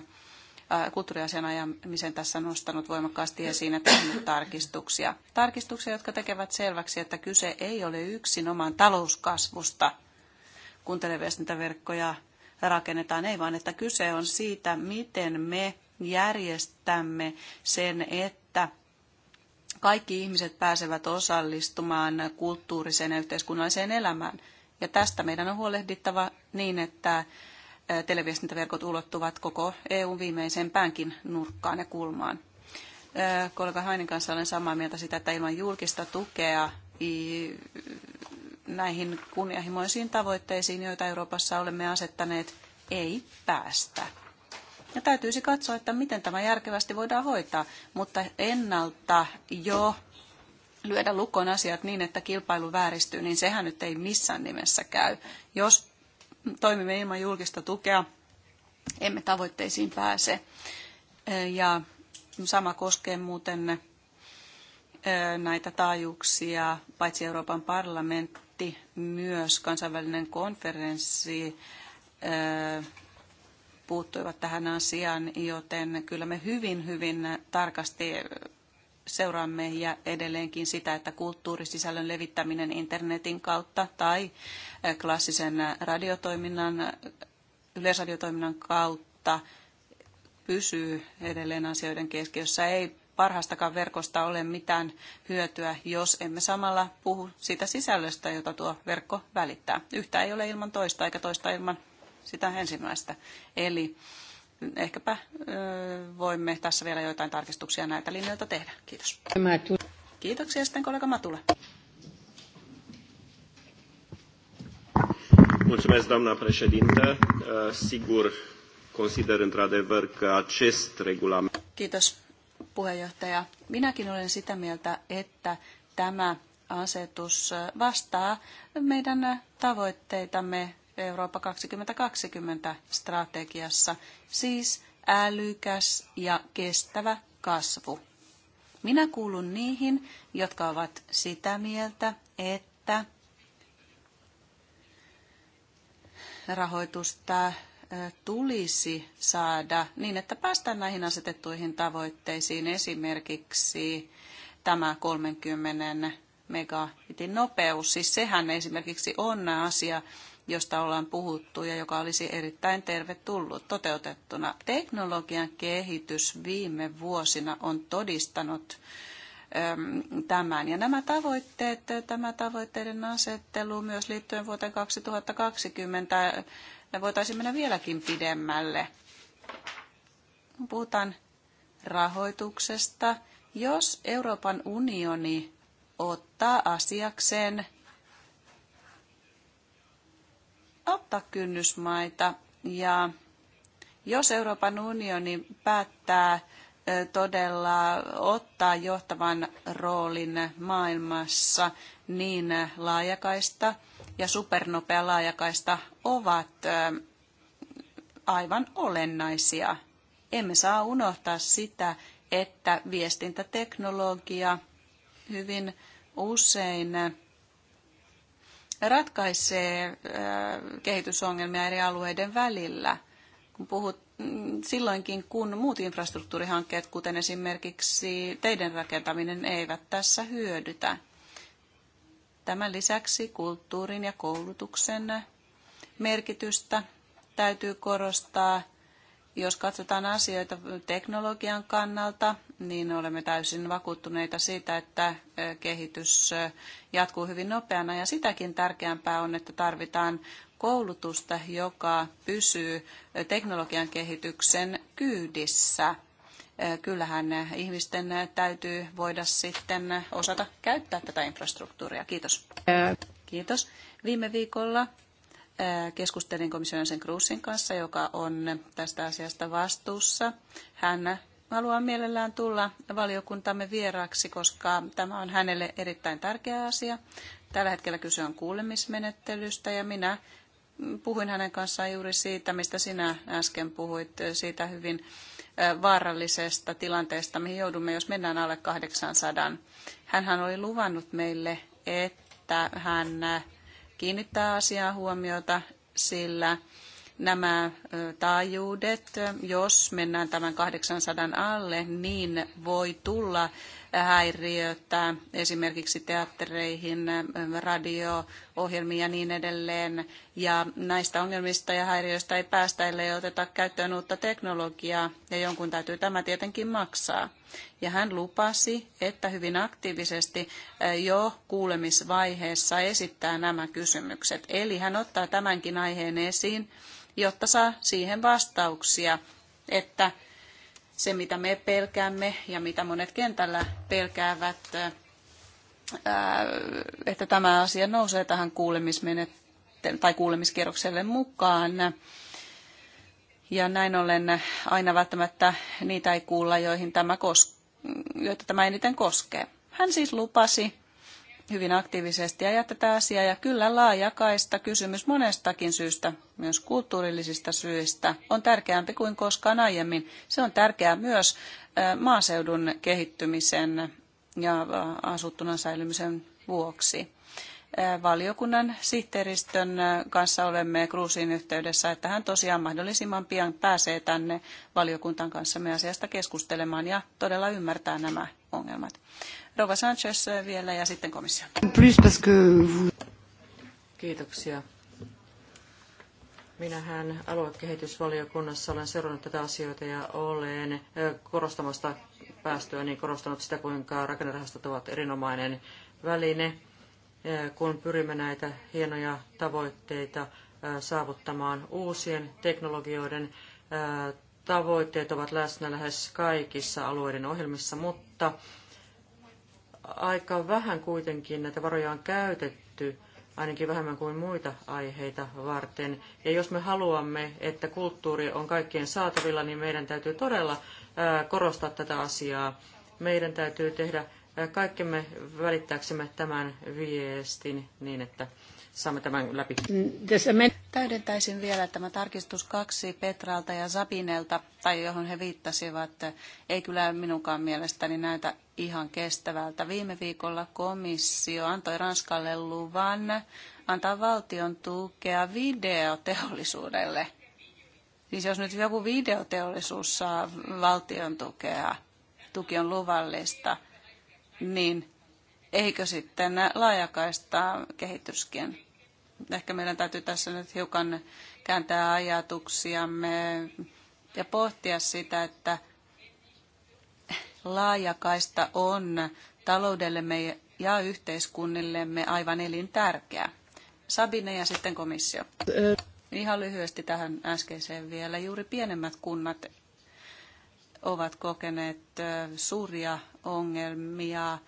Speaker 1: kulttuuriasian ajamisen tässä nostanut voimakkaasti esiin ja tehnyt tarkistuksia. Tarkistuksia, jotka tekevät selväksi, että kyse ei ole yksin oman talouskasvusta, kun televiestintäverkkoja rakennetaan, ei vaan että kyse on siitä, miten me järjestämme sen, että kaikki ihmiset pääsevät osallistumaan kulttuuriseen ja yhteiskunnalliseen elämään. Ja tästä meidän on huolehdittava niin, että televiestintäverkot ulottuvat koko EUn viimeiseen päänkin nurkkaan ja kulmaan. Kollega Hainin kanssa olen samaa mieltä sitä, että ilman julkista tukea näihin kunnianhimoisiin tavoitteisiin, joita Euroopassa olemme asettaneet, ei päästä. Ja täytyisi katsoa, että miten tämä järkevästi voidaan hoitaa, mutta ennalta jo lyödä lukon asiat niin, että kilpailu vääristyy, niin sehän nyt ei missään nimessä käy. Jos toimimme ilman julkista tukea, emme tavoitteisiin pääse. Ja sama koskee muuten näitä taajuuksia, paitsi Euroopan parlamentti, myös kansainvälinen konferenssi puuttuivat tähän asiaan, joten kyllä me hyvin, hyvin tarkasti seuraamme ja edelleenkin sitä, että kulttuurisisällön levittäminen internetin kautta tai klassisen radiotoiminnan, yleisradiotoiminnan kautta pysyy edelleen asioiden keskiössä. Ei parhaastakaan verkosta ole mitään hyötyä, jos emme samalla puhu sitä sisällöstä, jota tuo verkko välittää. Yhtä ei ole ilman toista, eikä toista ilman sitä ensimmäistä. Eli ehkäpä voimme tässä vielä joitain tarkistuksia näitä linjoilta tehdä. Kiitos. Kiitoksia sitten kollega Matula.
Speaker 3: Mulțumesc, doamna președintă. Sigur, consider într-adevăr că acest regulament...
Speaker 1: Kiitos, puheenjohtaja. Minäkin olen sitä mieltä, että tämä asetus vastaa meidän tavoitteitamme Eurooppa 2020 strategiassa, siis älykäs ja kestävä kasvu. Minä kuulun niihin, jotka ovat sitä mieltä, että rahoitusta tulisi saada niin, että päästään näihin asetettuihin tavoitteisiin, esimerkiksi tämä 30 megabitin nopeus, siis sehän esimerkiksi on asia, josta ollaan puhuttu ja joka olisi erittäin tervetullut toteutettuna. Teknologian kehitys viime vuosina on todistanut tämän. Ja nämä tavoitteet, tämä tavoitteiden asettelu myös liittyen vuoteen 2020, voitaisiin mennä vieläkin pidemmälle. Puhutaan rahoituksesta. Jos Euroopan unioni ottaa asiakseen ottaa kynnysmaita. Ja jos Euroopan unioni päättää todella ottaa johtavan roolin maailmassa, niin laajakaista ja supernopea laajakaista ovat aivan olennaisia. Emme saa unohtaa sitä, että viestintäteknologia hyvin usein ratkaisee äh, kehitysongelmia eri alueiden välillä. Kun puhut, mm, silloinkin, kun muut infrastruktuurihankkeet, kuten esimerkiksi teiden rakentaminen, eivät tässä hyödytä. Tämän lisäksi kulttuurin ja koulutuksen merkitystä täytyy korostaa, jos katsotaan asioita teknologian kannalta, niin olemme täysin vakuuttuneita siitä, että kehitys jatkuu hyvin nopeana. Ja sitäkin tärkeämpää on, että tarvitaan koulutusta, joka pysyy teknologian kehityksen kyydissä. Kyllähän ihmisten täytyy voida sitten osata käyttää tätä infrastruktuuria. Kiitos. Kiitos. Viime viikolla keskustelin komission sen Kruusin kanssa, joka on tästä asiasta vastuussa. Hän Haluan mielellään tulla valiokuntamme vieraaksi, koska tämä on hänelle erittäin tärkeä asia. Tällä hetkellä kyse on kuulemismenettelystä ja minä puhuin hänen kanssaan juuri siitä, mistä sinä äsken puhuit, siitä hyvin vaarallisesta tilanteesta, mihin joudumme, jos mennään alle 800. Hänhän oli luvannut meille, että hän kiinnittää asiaan huomiota, sillä nämä taajuudet, jos mennään tämän 800 alle, niin voi tulla häiriötä esimerkiksi teattereihin, radio-ohjelmiin ja niin edelleen. Ja näistä ongelmista ja häiriöistä ei päästä, ellei oteta käyttöön uutta teknologiaa, ja jonkun täytyy tämä tietenkin maksaa. Ja hän lupasi, että hyvin aktiivisesti jo kuulemisvaiheessa esittää nämä kysymykset. Eli hän ottaa tämänkin aiheen esiin jotta saa siihen vastauksia, että se mitä me pelkäämme ja mitä monet kentällä pelkäävät, että tämä asia nousee tähän tai kuulemiskierrokselle mukaan. Ja näin ollen aina välttämättä niitä ei kuulla, joihin tämä kos- joita tämä eniten koskee. Hän siis lupasi hyvin aktiivisesti ja tätä asiaa. Ja kyllä laajakaista kysymys monestakin syystä, myös kulttuurillisista syistä, on tärkeämpi kuin koskaan aiemmin. Se on tärkeää myös maaseudun kehittymisen ja asuttuna säilymisen vuoksi valiokunnan sihteeristön kanssa olemme Kruusin yhteydessä, että hän tosiaan mahdollisimman pian pääsee tänne valiokuntan kanssa me asiasta keskustelemaan ja todella ymmärtää nämä ongelmat. Rova Sanchez vielä ja sitten komissio. Kiitoksia. Minähän aluekehitysvaliokunnassa
Speaker 3: olen seurannut tätä asioita ja olen korostamasta päästyä niin korostanut sitä, kuinka rakennerahastot ovat erinomainen väline – Äh, kun pyrimme näitä hienoja tavoitteita äh, saavuttamaan. Uusien teknologioiden äh, tavoitteet ovat läsnä lähes kaikissa alueiden ohjelmissa, mutta aika vähän kuitenkin näitä varoja on käytetty, ainakin vähemmän kuin muita aiheita varten. Ja jos me haluamme, että kulttuuri on kaikkien saatavilla, niin meidän täytyy todella korostaa tätä asiaa. Meidän täytyy tehdä kaikkemme välittääksemme tämän viestin niin, että saamme tämän läpi.
Speaker 1: Täydentäisin vielä tämä tarkistus kaksi Petralta ja Sabinelta, tai johon he viittasivat, ei kyllä minunkaan mielestäni näytä ihan kestävältä. Viime viikolla komissio antoi Ranskalle luvan antaa valtion tukea videoteollisuudelle. Siis jos nyt joku videoteollisuus saa valtion tukea, tuki on luvallista – niin eikö sitten laajakaistaa kehityskin? Ehkä meidän täytyy tässä nyt hiukan kääntää ajatuksiamme ja pohtia sitä, että laajakaista on taloudellemme ja yhteiskunnillemme aivan elintärkeä. Sabine ja sitten komissio. Ihan lyhyesti tähän äskeiseen vielä. Juuri pienemmät kunnat ovat kokeneet suuria ongelmia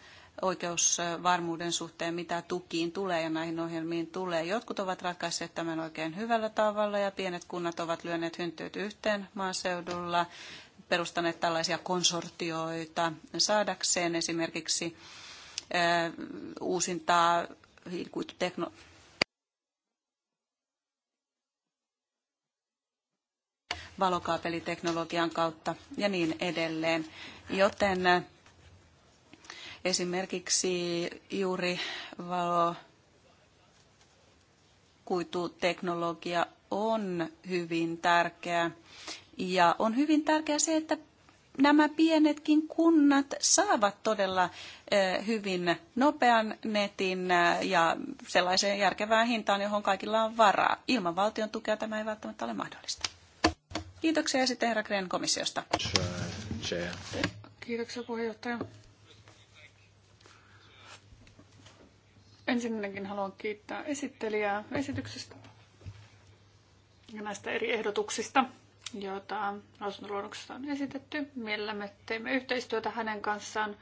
Speaker 1: oikeusvarmuuden suhteen, mitä tukiin tulee ja näihin ohjelmiin tulee. Jotkut ovat ratkaisseet tämän oikein hyvällä tavalla ja pienet kunnat ovat lyöneet hyntyyt yhteen maaseudulla, perustaneet tällaisia konsortioita saadakseen esimerkiksi uusintaa valokaapeliteknologian kautta ja niin edelleen. Joten eh, esimerkiksi juuri valo kuituteknologia on hyvin tärkeä. Ja on hyvin tärkeää se, että nämä pienetkin kunnat saavat todella eh, hyvin nopean netin eh, ja sellaiseen järkevään hintaan, johon kaikilla on varaa. Ilman valtion tukea tämä ei välttämättä ole mahdollista. Kiitoksia ja sitten herra Gren komissiosta.
Speaker 2: Kiitoksia puheenjohtaja. Ensinnäkin haluan kiittää esittelijää esityksestä ja näistä eri ehdotuksista, joita lausuntoluonnoksessa on esitetty. Mielellämme teemme yhteistyötä hänen kanssaan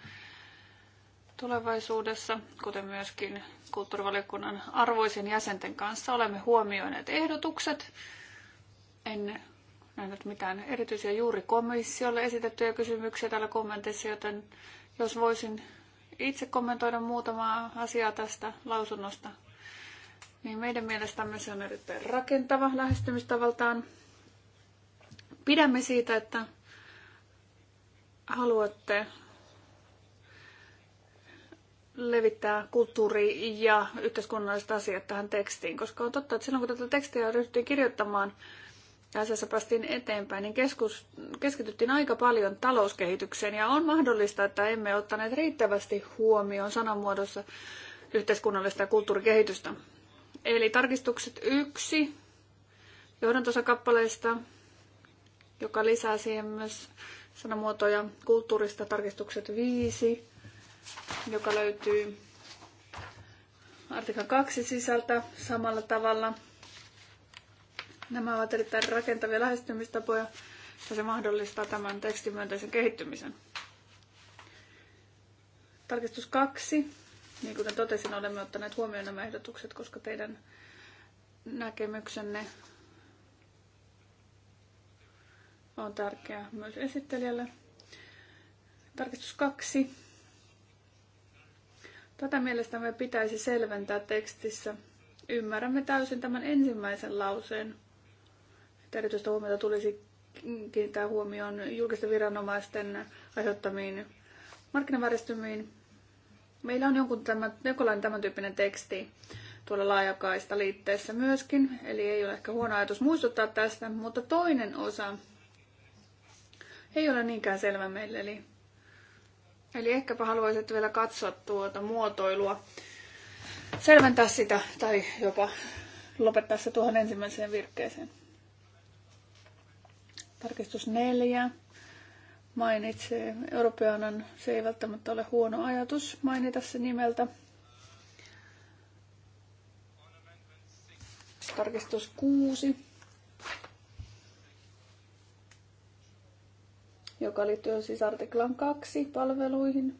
Speaker 2: tulevaisuudessa, kuten myöskin kulttuurivaliokunnan arvoisen jäsenten kanssa. Olemme huomioineet ehdotukset. En nähnyt mitään erityisiä juuri komissiolle esitettyjä kysymyksiä täällä kommenteissa, joten jos voisin itse kommentoida muutamaa asiaa tästä lausunnosta, niin meidän mielestämme se on erittäin rakentava lähestymistavaltaan. Pidämme siitä, että haluatte levittää kulttuuri- ja yhteiskunnalliset asiat tähän tekstiin, koska on totta, että silloin kun tätä tekstiä ryhdyttiin kirjoittamaan, asiassa päästiin eteenpäin, niin keskus, keskityttiin aika paljon talouskehitykseen ja on mahdollista, että emme ottaneet riittävästi huomioon sanamuodossa yhteiskunnallista ja kulttuurikehitystä. Eli tarkistukset yksi johdantosakappaleista, joka lisää siihen myös sanamuotoja kulttuurista, tarkistukset viisi, joka löytyy artikla 2 sisältä samalla tavalla – Nämä ovat erittäin rakentavia lähestymistapoja ja se mahdollistaa tämän tekstimyönteisen kehittymisen. Tarkistus kaksi. Niin kuten totesin, olemme ottaneet huomioon nämä ehdotukset, koska teidän näkemyksenne on tärkeä myös esittelijälle. Tarkistus kaksi. Tätä mielestämme pitäisi selventää tekstissä. Ymmärrämme täysin tämän ensimmäisen lauseen, Erityistä huomiota tulisi kiinnittää huomioon julkisten viranomaisten aiheuttamiin markkinavärjestymiin. Meillä on jonkun tämän, tämän tyyppinen teksti tuolla laajakaista liitteessä myöskin, eli ei ole ehkä huono ajatus muistuttaa tästä, mutta toinen osa ei ole niinkään selvä meille, eli, eli ehkäpä haluaisit vielä katsoa tuota muotoilua, selventää sitä tai jopa lopettaa se tuohon ensimmäiseen virkkeeseen. Tarkistus neljä mainitsee europeanan. Se ei välttämättä ole huono ajatus mainita se nimeltä. Tarkistus kuusi, joka liittyy siis artiklan 2 palveluihin.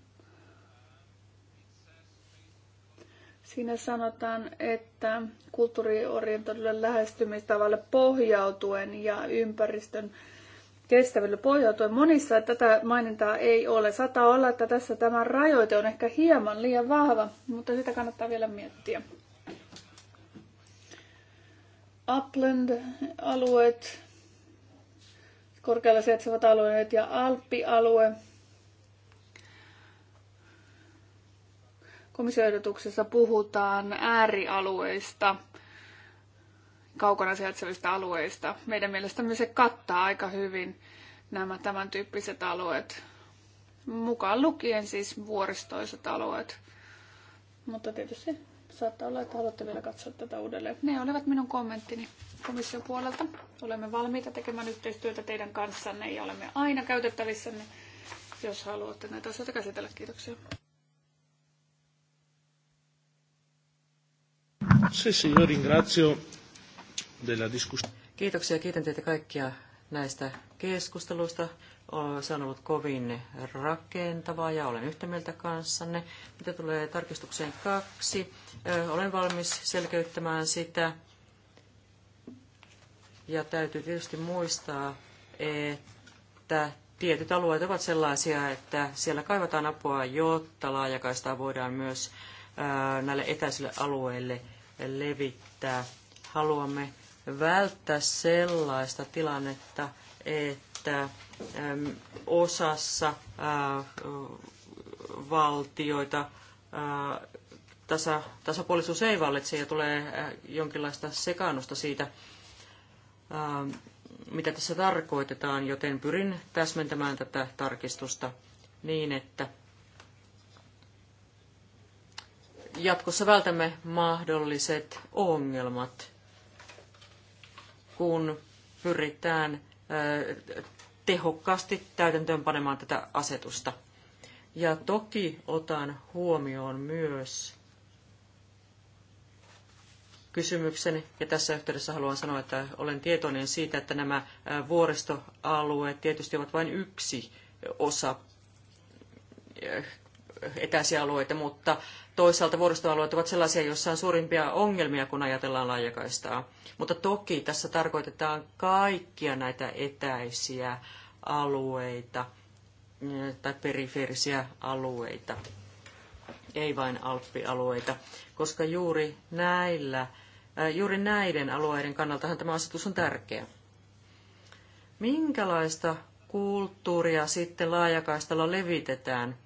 Speaker 2: Siinä sanotaan, että kulttuuriorientoidulle lähestymistavalle pohjautuen ja ympäristön kestäville pohjautuen. Monissa tätä mainintaa ei ole. Saattaa olla, että tässä tämä rajoite on ehkä hieman liian vahva, mutta sitä kannattaa vielä miettiä. Upland-alueet, korkealla sijaitsevat alueet ja Alppi-alue. Komissioehdotuksessa puhutaan äärialueista – kaukana sijaitsevista alueista. Meidän mielestämme se kattaa aika hyvin nämä tämän tyyppiset alueet, mukaan lukien siis vuoristoiset alueet. Mutta tietysti saattaa olla, että haluatte vielä katsoa tätä uudelleen. Ne olivat minun kommenttini komission puolelta. Olemme valmiita tekemään yhteistyötä teidän kanssanne ja olemme aina käytettävissänne, jos haluatte näitä asioita käsitellä. Kiitoksia.
Speaker 3: Sì, sì, io ringrazio Kiitoksia, kiitän teitä kaikkia näistä keskusteluista. Se on ollut kovin rakentavaa ja olen yhtä mieltä kanssanne. Mitä tulee tarkistukseen kaksi, olen valmis selkeyttämään sitä. Ja täytyy tietysti muistaa, että tietyt alueet ovat sellaisia, että siellä kaivataan apua, jotta laajakaistaa voidaan myös näille etäisille alueille levittää. Haluamme välttää sellaista tilannetta, että osassa valtioita tasa, tasapuolisuus ei vallitse ja tulee jonkinlaista sekaannusta siitä, mitä tässä tarkoitetaan, joten pyrin täsmentämään tätä tarkistusta niin, että jatkossa vältämme mahdolliset ongelmat kun pyritään tehokkaasti täytäntöönpanemaan tätä asetusta. Ja toki otan huomioon myös kysymyksen, ja tässä yhteydessä haluan sanoa, että olen tietoinen siitä, että nämä vuoristoalueet tietysti ovat vain yksi osa etäisiä alueita, mutta toisaalta vuoristoalueet ovat sellaisia, joissa on suurimpia ongelmia, kun ajatellaan laajakaistaa. Mutta toki tässä tarkoitetaan kaikkia näitä etäisiä alueita eh, tai perifeerisiä alueita, ei vain alppialueita, koska juuri näillä eh, juuri näiden alueiden kannaltahan tämä asetus on tärkeä. Minkälaista kulttuuria sitten laajakaistalla levitetään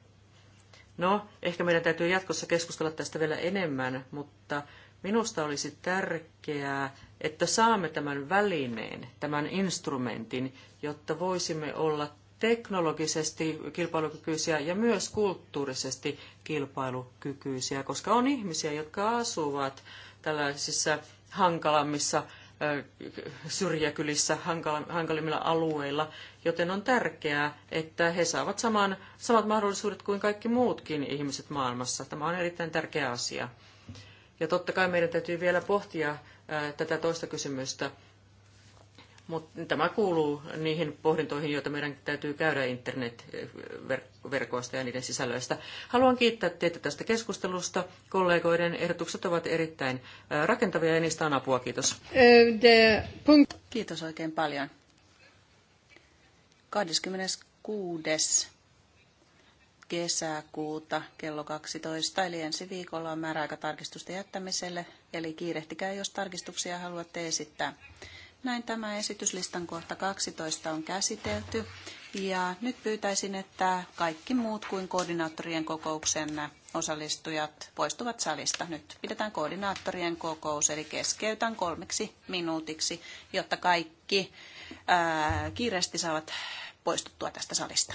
Speaker 3: No, ehkä meidän täytyy jatkossa keskustella tästä vielä enemmän, mutta minusta olisi tärkeää, että saamme tämän välineen, tämän instrumentin, jotta voisimme olla teknologisesti kilpailukykyisiä ja myös kulttuurisesti kilpailukykyisiä, koska on ihmisiä, jotka asuvat tällaisissa hankalammissa syrjäkylissä, hankalimmilla alueilla, joten on tärkeää, että he saavat saman, samat mahdollisuudet kuin kaikki muutkin ihmiset maailmassa. Tämä on erittäin tärkeä asia. Ja totta kai meidän täytyy vielä pohtia tätä toista kysymystä, mutta tämä kuuluu niihin pohdintoihin, joita meidän täytyy käydä internetverkoista ja niiden sisällöistä. Haluan kiittää teitä tästä keskustelusta. Kollegoiden ehdotukset ovat erittäin rakentavia ja niistä on apua. Kiitos.
Speaker 1: Kiitos oikein paljon. 26. kesäkuuta kello 12, eli ensi viikolla on määräaika tarkistusten jättämiselle, eli kiirehtikää, jos tarkistuksia haluatte esittää näin tämä esityslistan kohta 12 on käsitelty. Ja nyt pyytäisin, että kaikki muut kuin koordinaattorien kokouksen osallistujat poistuvat salista. Nyt pidetään koordinaattorien kokous, eli keskeytän kolmeksi minuutiksi, jotta kaikki ää, kiireesti saavat poistuttua tästä salista.